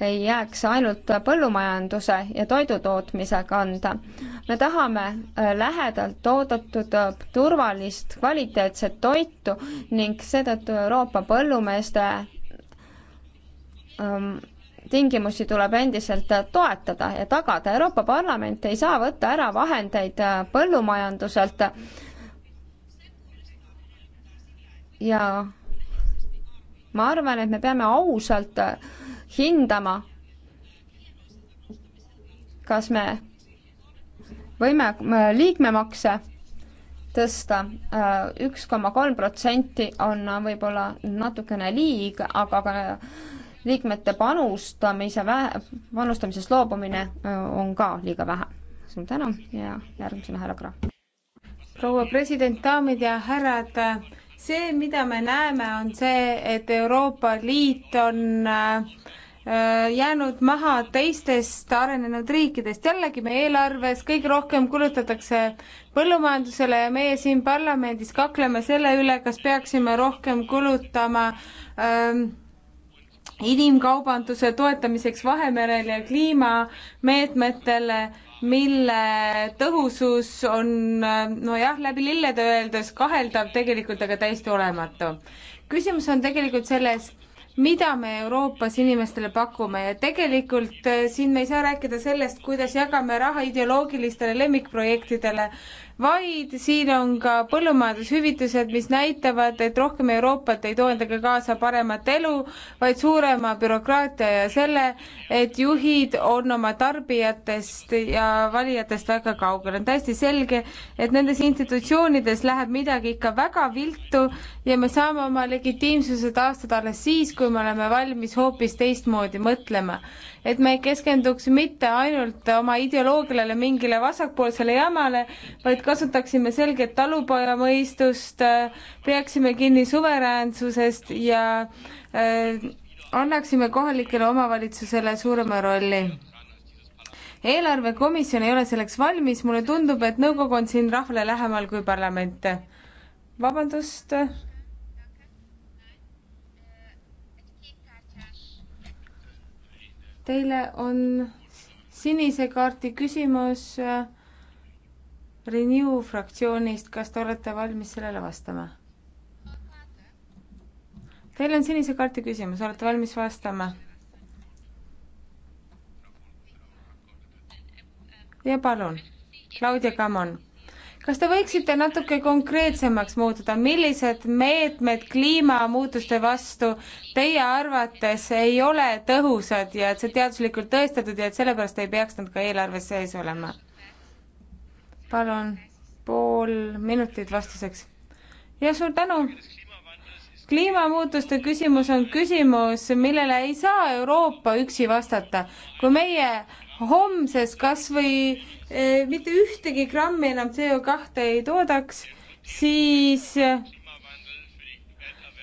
Speaker 4: ei jääks ainult põllumajanduse ja toidutootmise kanda. me tahame äh, lähedalt toodetud äh, turvalist kvaliteetset toitu ning seetõttu Euroopa põllumeeste um, tingimusi tuleb endiselt äh, toetada ja tagada. Euroopa Parlament ei saa võtta ära vahendeid põllumajanduselt ja ma arvan, et me peame ausalt hindama, kas me võime liikmemakse tõsta äh, üks koma kolm protsenti on võib-olla natukene liig, aga ka liikmete panustamise vä-, panustamisest loobumine äh, on ka liiga vähe. suur tänu
Speaker 2: ja järgmisena härra Krahv. proua president, daamid ja härrad see, mida me näeme, on see, et Euroopa Liit on äh, jäänud maha teistest arenenud riikidest. jällegi meie eelarves kõige rohkem kulutatakse põllumajandusele ja meie siin parlamendis kakleme selle üle, kas peaksime rohkem kulutama ähm, inimkaubanduse toetamiseks Vahemerel ja kliimameetmetele mille tõhusus on nojah, läbi lillede öeldes kaheldav, tegelikult aga täiesti olematu. küsimus on tegelikult selles, mida me Euroopas inimestele pakume ja tegelikult äh, siin me ei saa rääkida sellest, kuidas jagame raha ideoloogilistele lemmikprojektidele vaid siin on ka põllumajandushüvitised, mis näitavad, et rohkem Euroopat ei too endaga kaasa paremat elu, vaid suurema bürokraatia ja selle, et juhid on oma tarbijatest ja valijatest väga kaugel. on täiesti selge, et nendes institutsioonides läheb midagi ikka väga viltu ja me saame oma legitiimsuse taastada alles siis, kui me oleme valmis hoopis teistmoodi mõtlema et me ei keskenduks mitte ainult oma ideoloogiale, mingile vasakpoolsele jamale, vaid kasutaksime selget talupojamõistust, peaksime kinni suveräänsusest ja äh, annaksime kohalikele omavalitsusele suurema rolli eelarvekomisjon ei ole selleks valmis, mulle tundub, et nõukogu on siin rahvale lähemal kui parlament. vabandust Teile on sinise kaardi küsimus äh, Renew fraktsioonist, kas te olete valmis sellele vastama? Teil on sinise kaardi küsimus, olete valmis vastama? ja palun, Claudia Kamon kas te võiksite natuke konkreetsemaks muutuda, millised meetmed kliimamuutuste vastu teie arvates ei ole tõhusad ja et see teaduslikult tõestatud ja et sellepärast ei peaks nad ka eelarves sees olema? palun pool minutit vastuseks. ja suur tänu kliimamuutuste küsimus on küsimus, millele ei saa Euroopa üksi vastata. kui meie homses kas või eh, mitte ühtegi grammi enam CO kahte ei toodaks, siis eh,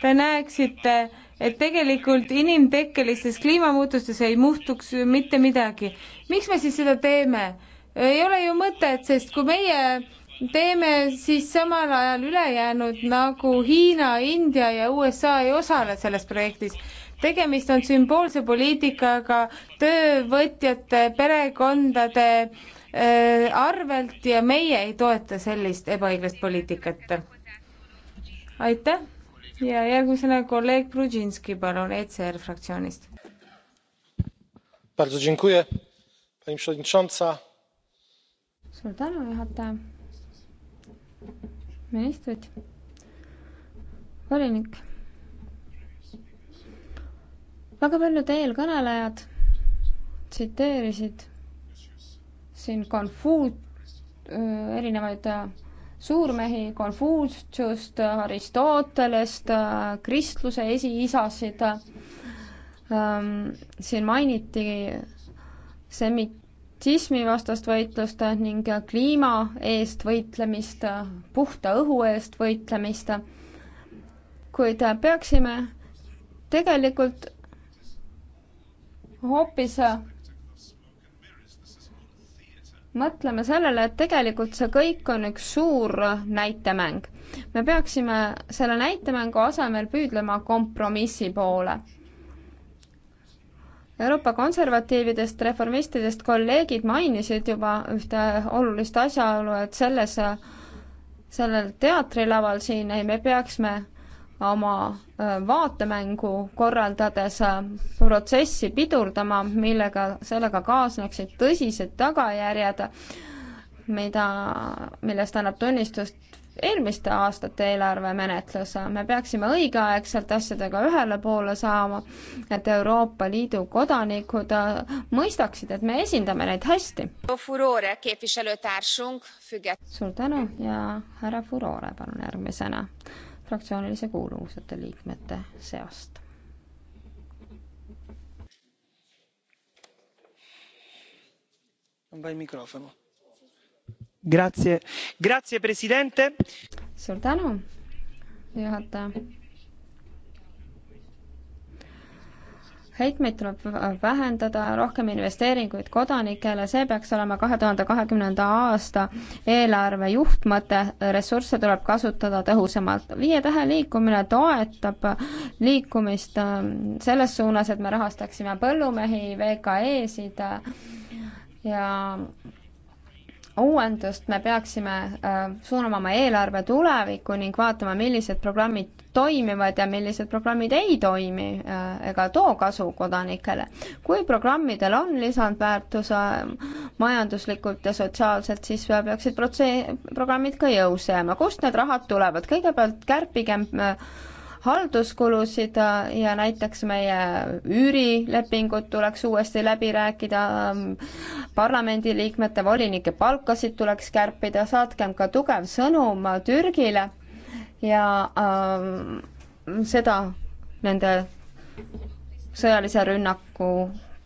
Speaker 2: te näeksite, et tegelikult inimtekkelistes kliimamuutustes ei muutuks mitte midagi. miks me siis seda teeme? ei ole ju mõtet, sest kui meie teeme, siis samal ajal ülejäänud nagu Hiina, India ja USA ei osale selles projektis tegemist on sümboolse poliitikaga töövõtjate, perekondade äh, arvelt ja meie ei toeta sellist ebaõiglast poliitikat. aitäh ja järgmisena kolleeg Brudzinski, palun, ECR fraktsioonist.
Speaker 4: suur tänu, juhataja. ministrid, volinik väga paljud eelkõnelejad tsiteerisid siin Konfuut-, äh, erinevaid äh, suurmehi Konfutsiust, äh, Aristotelest, kristluse esiisasid. Ähm, siin mainiti semitismi vastast võitlust ning kliima eest võitlemist, puhta õhu eest võitlemist. kuid peaksime tegelikult hoopis äh, mõtleme sellele, et tegelikult see kõik on üks suur äh, näitemäng. me peaksime selle näitemängu asemel püüdlema kompromissi poole. Euroopa konservatiividest, reformistidest kolleegid mainisid juba ühte olulist asjaolu, et selles, äh, sellel teatrilaval siin ei, me peaksime oma vaatemängu korraldades protsessi pidurdama, millega, sellega kaasneksid tõsised tagajärjed, mida, millest annab tunnistust eelmiste aastate eelarvemenetlus, me peaksime õigeaegselt asjadega ühele poole saama, et Euroopa Liidu kodanikud mõistaksid, et me esindame neid hästi. suur tänu ja härra Furore, palun järgmisena fraktsioonilise kuuluvuseta liikmete seast. suur tänu juhataja! heitmeid tuleb vähendada, rohkem investeeringuid kodanikele, see peaks olema kahe tuhande kahekümnenda aasta eelarve juhtmõte, ressursse tuleb kasutada tõhusamalt. viie tähe liikumine toetab liikumist ähm, selles suunas, et me rahastaksime põllumehi, VKE-sid äh, ja uuendust, me peaksime äh, suunama oma eelarve tulevikku ning vaatama, millised programmid toimivad ja millised programmid ei toimi äh, ega too kasu kodanikele. kui programmidel on lisandväärtus äh, majanduslikult ja sotsiaalselt, siis peaksid protse-, programmid ka jõus jääma. kust need rahad tulevad? kõigepealt kärpigem halduskulusid ja näiteks meie üürilepingud tuleks uuesti läbi rääkida, parlamendiliikmete, volinike palkasid tuleks kärpida, saatkem ka tugev sõnum Türgile ja äh, seda nende sõjalise rünnaku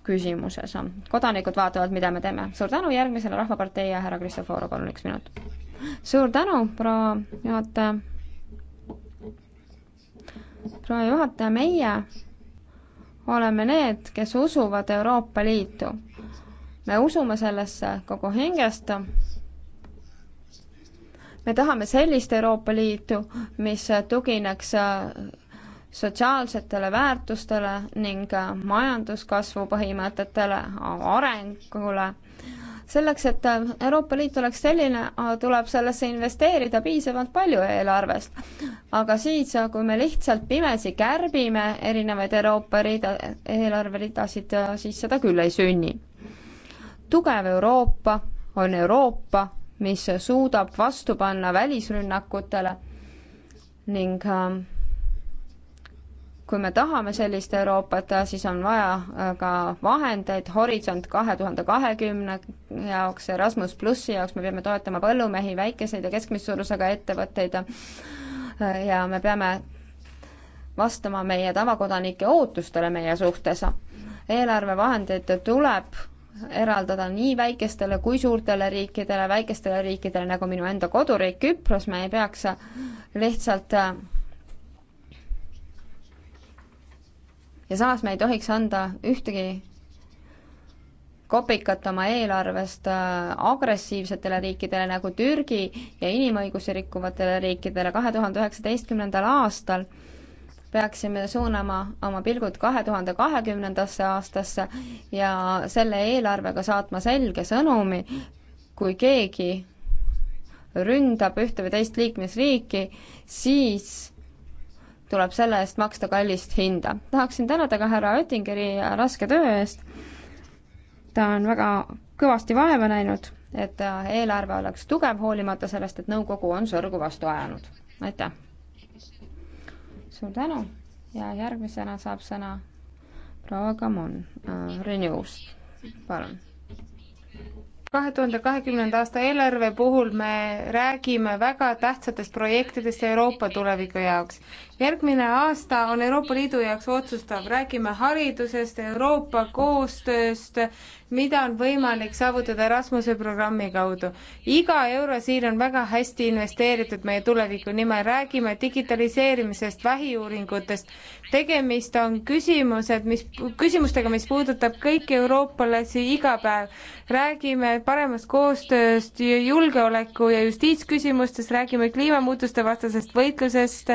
Speaker 4: küsimuses. kodanikud vaatavad, mida me teeme. suur tänu järgmisele Rahvapartei ja härra Kristoforu, palun üks minut. suur tänu, proua juhataja proua juhataja, meie oleme need, kes usuvad Euroopa Liitu. me usume sellesse kogu hingest. me tahame sellist Euroopa Liitu, mis tugineks sotsiaalsetele väärtustele ning majanduskasvu põhimõtetele, arengule selleks, et äh, Euroopa Liit oleks selline, äh, tuleb sellesse investeerida piisavalt palju eelarvest. aga siis, äh, kui me lihtsalt pimesi kärbime erinevaid Euroopa rida, eelarveridasid, siis seda küll ei sünni. tugev Euroopa on Euroopa, mis suudab vastu panna välisrünnakutele ning äh, kui me tahame sellist Euroopat, siis on vaja äh, ka vahendeid, Horisont kahe tuhande kahekümne jaoks, Erasmus plussi jaoks, me peame toetama põllumehi, väikeseid ja keskmise suurusega ettevõtteid äh, ja me peame vastama meie tavakodanike ootustele meie suhtes. eelarvevahendeid tuleb eraldada nii väikestele kui suurtele riikidele, väikestele riikidele nagu minu enda koduriik Küpros, me ei peaks lihtsalt äh, ja samas me ei tohiks anda ühtegi kopikat oma eelarvest äh, agressiivsetele riikidele nagu Türgi ja inimõigusi rikkuvatele riikidele. kahe tuhande üheksateistkümnendal aastal peaksime suunama oma pilgud kahe tuhande kahekümnendasse aastasse ja selle eelarvega saatma selge sõnumi, kui keegi ründab ühte või teist liikmesriiki, siis tuleb selle eest maksta kallist hinda. tahaksin tänada ka härra Oettingeri raske töö eest. ta on väga kõvasti vaeva näinud, et eelarve oleks tugev, hoolimata sellest, et nõukogu on sõrgu vastu ajanud. aitäh! suur tänu ja järgmisena saab sõna proua
Speaker 2: Kamon äh, Renewst, palun kahe tuhande kahekümnenda aasta eelarve puhul me räägime väga tähtsatest projektidest Euroopa tuleviku jaoks. järgmine aasta on Euroopa Liidu jaoks otsustav, räägime haridusest, Euroopa koostööst, mida on võimalik saavutada Erasmuse programmi kaudu. iga euro siin on väga hästi investeeritud meie tuleviku nimel, räägime digitaliseerimisest, vähiuuringutest tegemist on küsimused, mis, küsimustega, mis puudutab kõiki eurooplasi iga päev. räägime paremast koostööst julgeoleku ja justiitsküsimustes, räägime kliimamuutuste vastasest võitlusest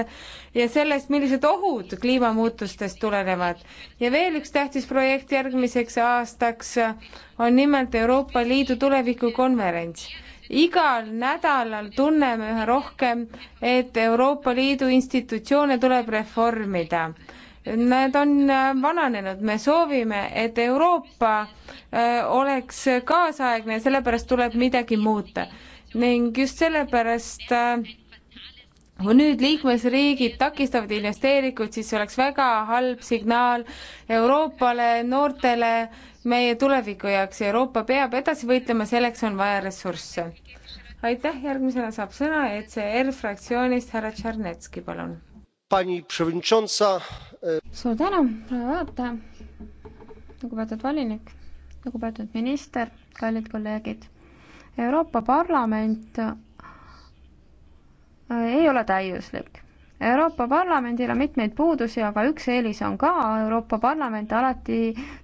Speaker 2: ja sellest, millised ohud kliimamuutustest tulenevad. ja veel üks tähtis projekt järgmiseks aastaks on nimelt Euroopa Liidu tulevikukonverents igal nädalal tunneme üha rohkem, et Euroopa Liidu institutsioone tuleb reformida. Nad on äh, vananenud, me soovime, et Euroopa äh, oleks kaasaegne ja sellepärast tuleb midagi muuta ning just sellepärast äh, kui nüüd liikmesriigid takistavad investeeringuid, siis see oleks väga halb signaal Euroopale, noortele, meie tuleviku jaoks. Euroopa peab edasi võitlema, selleks on vaja ressursse. aitäh, järgmisena saab sõna ECR fraktsioonist härra Tšernetski, palun. E- suur tänu, proua juhataja,
Speaker 4: lugupeetud volinik, lugupeetud minister, kallid kolleegid. Euroopa Parlament Äh, ei ole täiuslik. Euroopa Parlamendil on mitmeid puudusi, aga üks eelis on ka, Euroopa Parlament alati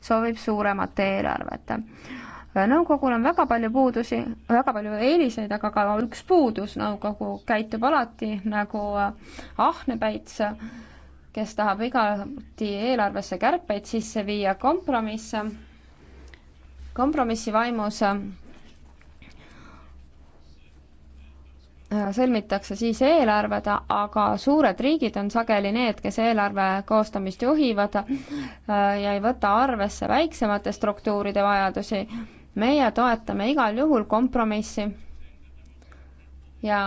Speaker 4: soovib suuremat eelarvet. Äh, nõukogul on väga palju puudusi, väga palju eeliseid, aga ka üks puudus, nõukogu käitub alati nagu äh, ahnepäits, kes tahab igati eelarvesse kärpeid sisse viia kompromisse, kompromissi vaimus Äh, sõlmitakse siis eelarved, aga suured riigid on sageli need, kes eelarve koostamist juhivad äh, ja ei võta arvesse väiksemate struktuuride vajadusi. meie toetame igal juhul kompromissi ja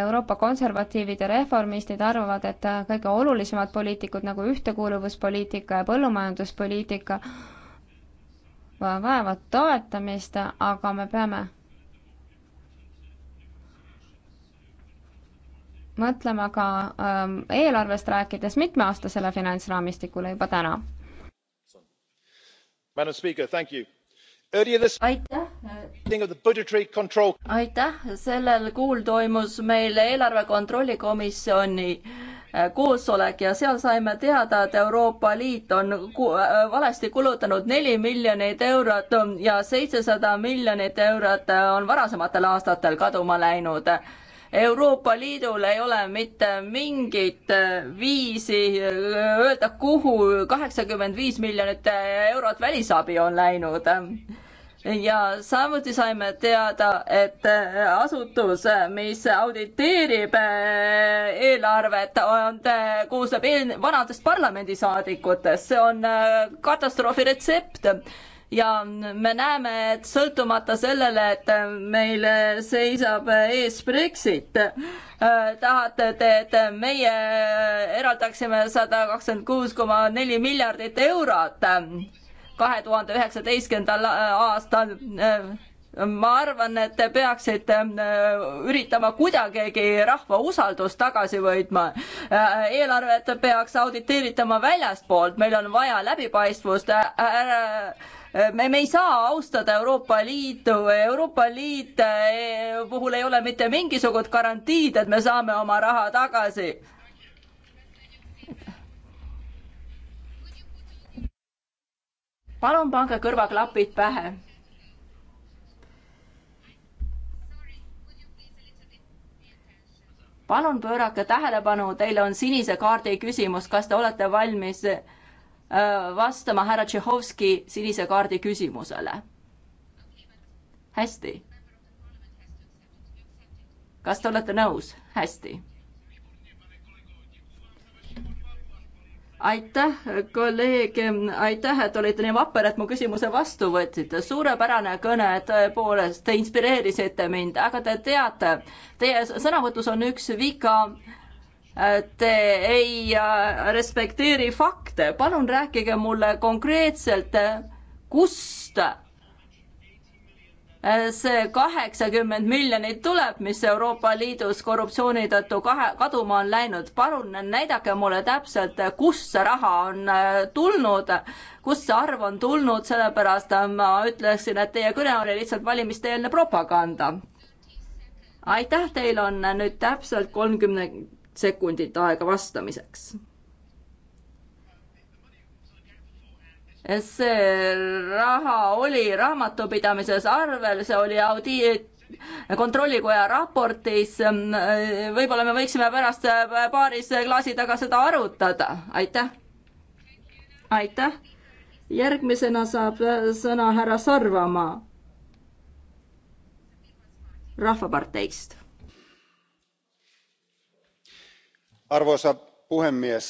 Speaker 4: Euroopa konservatiivid ja reformistid arvavad, et äh, kõige olulisemad poliitikud nagu ühtekuuluvuspoliitika ja põllumajanduspoliitika vajavad toetamist, aga me peame mõtlema ka ähm, eelarvest rääkides mitmeaastasele finantsraamistikule juba täna.
Speaker 1: aitäh. aitäh, sellel kuul toimus meil eelarve kontrolli komisjoni äh, koosolek ja seal saime teada, et Euroopa Liit on äh, valesti kulutanud neli miljonit eurot ja seitsesada miljonit eurot äh, on varasematel aastatel kaduma läinud Euroopa Liidul ei ole mitte mingit äh, viisi äh, öelda, kuhu kaheksakümmend viis miljonit äh, eurot välisabi on läinud ja samuti saime teada, et asutus, mis auditeerib eelarvet, on, koosneb eel-, vanadest parlamendisaadikutest, see on katastroofi retsept ja me näeme, et sõltumata sellele, et meil seisab ees Brexit, äh, tahate te, et meie eraldaksime sada kakskümmend kuus koma neli miljardit eurot kahe tuhande üheksateistkümnendal aastal äh, ma arvan, et te peaksite äh, üritama kuidagigi rahva usaldust tagasi võitma. Äh, eelarvet peaks auditeeritama väljaspoolt, meil on vaja läbipaistvust äh, me, me ei saa austada Euroopa Liitu, Euroopa Liit puhul ei ole mitte mingisugust garantiid, et me saame oma raha tagasi. palun pange kõrvaklapid pähe palun pöörake tähelepanu, teil on sinise kaardi küsimus, kas te olete valmis äh, vastama härra Tšehhovski sinise kaardi küsimusele? hästi. kas te olete nõus? hästi aitäh, kolleeg, aitäh, et olite nii vapper, et mu küsimuse vastu võtsite. suurepärane kõne, tõepoolest, te inspireerisite mind, aga te teate, teie sõnavõtus on üks viga. Te ei äh, respekteeri fakte. palun rääkige mulle konkreetselt, kust Äh, see kaheksakümmend miljonit tuleb, mis Euroopa Liidus korruptsiooni tõttu kahe, kaduma on läinud. palun näidake mulle täpselt, kust see raha on äh, tulnud, kust see arv on tulnud, sellepärast äh, ma ütleksin, et teie kõne oli lihtsalt valimiste-eelne propaganda. aitäh, teil on nüüd täpselt kolmkümmend sekundit aega vastamiseks see raha oli raamatupidamises arvel, see oli audi-, kontrollikoja raportis, võib-olla me võiksime pärast paaris klaasi taga seda arutada, aitäh. aitäh, järgmisena saab sõna härra Sarvamaa Rahvaparteist. arvoisa puhemies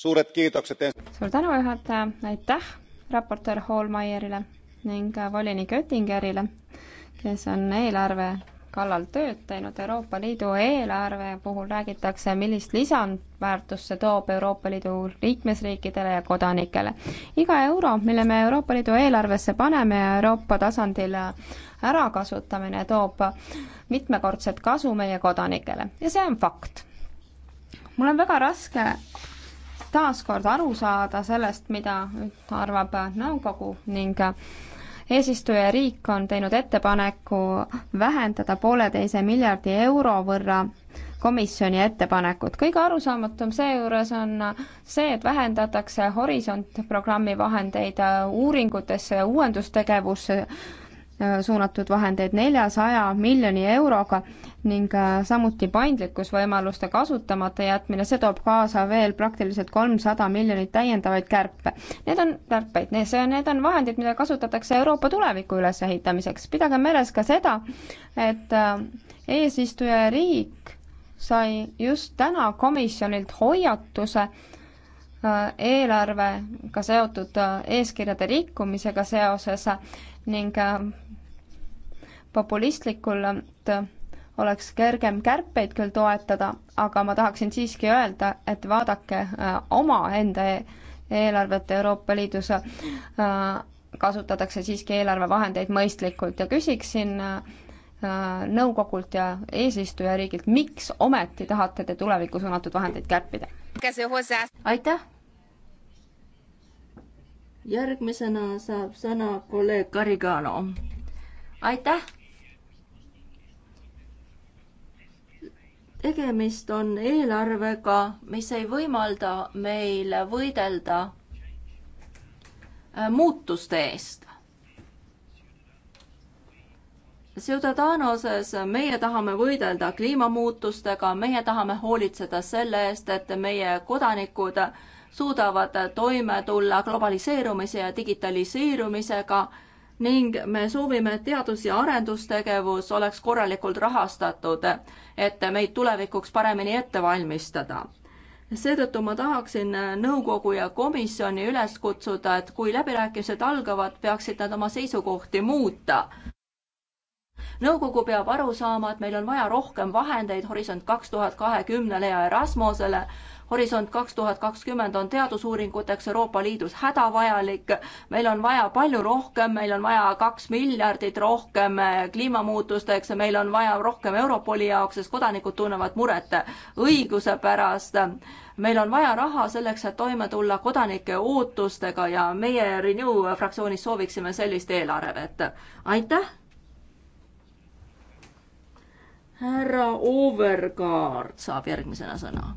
Speaker 1: suured kiitokset.
Speaker 4: suur tänu, juhataja, aitäh raportöör Hallmeierile ning volinik Oettingerile, kes on eelarve kallal tööd teinud Euroopa Liidu eelarve puhul räägitakse, millist lisandväärtust see toob Euroopa Liidu liikmesriikidele ja kodanikele. iga euro, mille me Euroopa Liidu eelarvesse paneme ja Euroopa tasandil ärakasutamine toob mitmekordset kasu meie kodanikele ja see on fakt. mul on väga raske taaskord aru saada sellest, mida arvab nõukogu ning eesistujariik on teinud ettepaneku vähendada pooleteise miljardi euro võrra komisjoni ettepanekut. kõige arusaamatum seejuures on see, et vähendatakse Horisont programmi vahendeid uuringutesse ja uuendustegevusse Äh, suunatud vahendeid neljasaja miljoni euroga ning äh, samuti paindlikkusvõimaluste kasutamata jätmine, see toob kaasa veel praktiliselt kolmsada miljonit täiendavaid kärpe. Need on kärpeid, see, need on vahendid, mida kasutatakse Euroopa tuleviku ülesehitamiseks. pidage meeles ka seda, et äh, eesistujariik sai just täna komisjonilt hoiatuse eelarvega seotud eeskirjade rikkumisega seoses ning äh, populistlikult oleks kergem kärpeid küll toetada, aga ma tahaksin siiski öelda, et vaadake äh, omaenda e-, eelarvet Euroopa Liidus äh, kasutatakse siiski eelarvevahendeid mõistlikult ja küsiksin nõukogult ja eesistujariigilt, miks ometi tahate te tulevikku
Speaker 1: suunatud vahendeid kärpida? aitäh! järgmisena saab sõna kolleeg Garigano. aitäh. tegemist on eelarvega, mis ei võimalda meil võidelda äh, muutuste eest. Ciudadanoses meie tahame võidelda kliimamuutustega, meie tahame hoolitseda selle eest, et meie kodanikud äh, suudavad toime tulla globaliseerumise ja digitaliseerumisega ning me soovime, et teadus- ja arendustegevus oleks korralikult rahastatud, et meid tulevikuks paremini ette valmistada seetõttu ma tahaksin nõukogu ja komisjoni üles kutsuda, et kui läbirääkimised algavad, peaksid nad oma seisukohti muuta. nõukogu peab aru saama, et meil on vaja rohkem vahendeid Horisont kaks tuhat kahekümnele ja Erasmusele, Horisont kaks tuhat kakskümmend on teadusuuringuteks Euroopa Liidus hädavajalik. meil on vaja palju rohkem, meil on vaja kaks miljardit rohkem kliimamuutusteks ja meil on vaja rohkem Europoli jaoks, sest kodanikud tunnevad muret õiguse pärast. meil on vaja raha selleks, et toime tulla kodanike ootustega ja meie Renew fraktsioonis sooviksime sellist eelarvet. aitäh härra Overgaard saab järgmisena sõna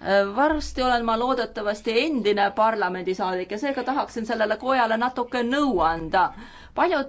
Speaker 1: Äh, varsti olen ma loodetavasti endine parlamendisaadik ja seega tahaksin sellele kojale natuke nõu anda. paljud näevad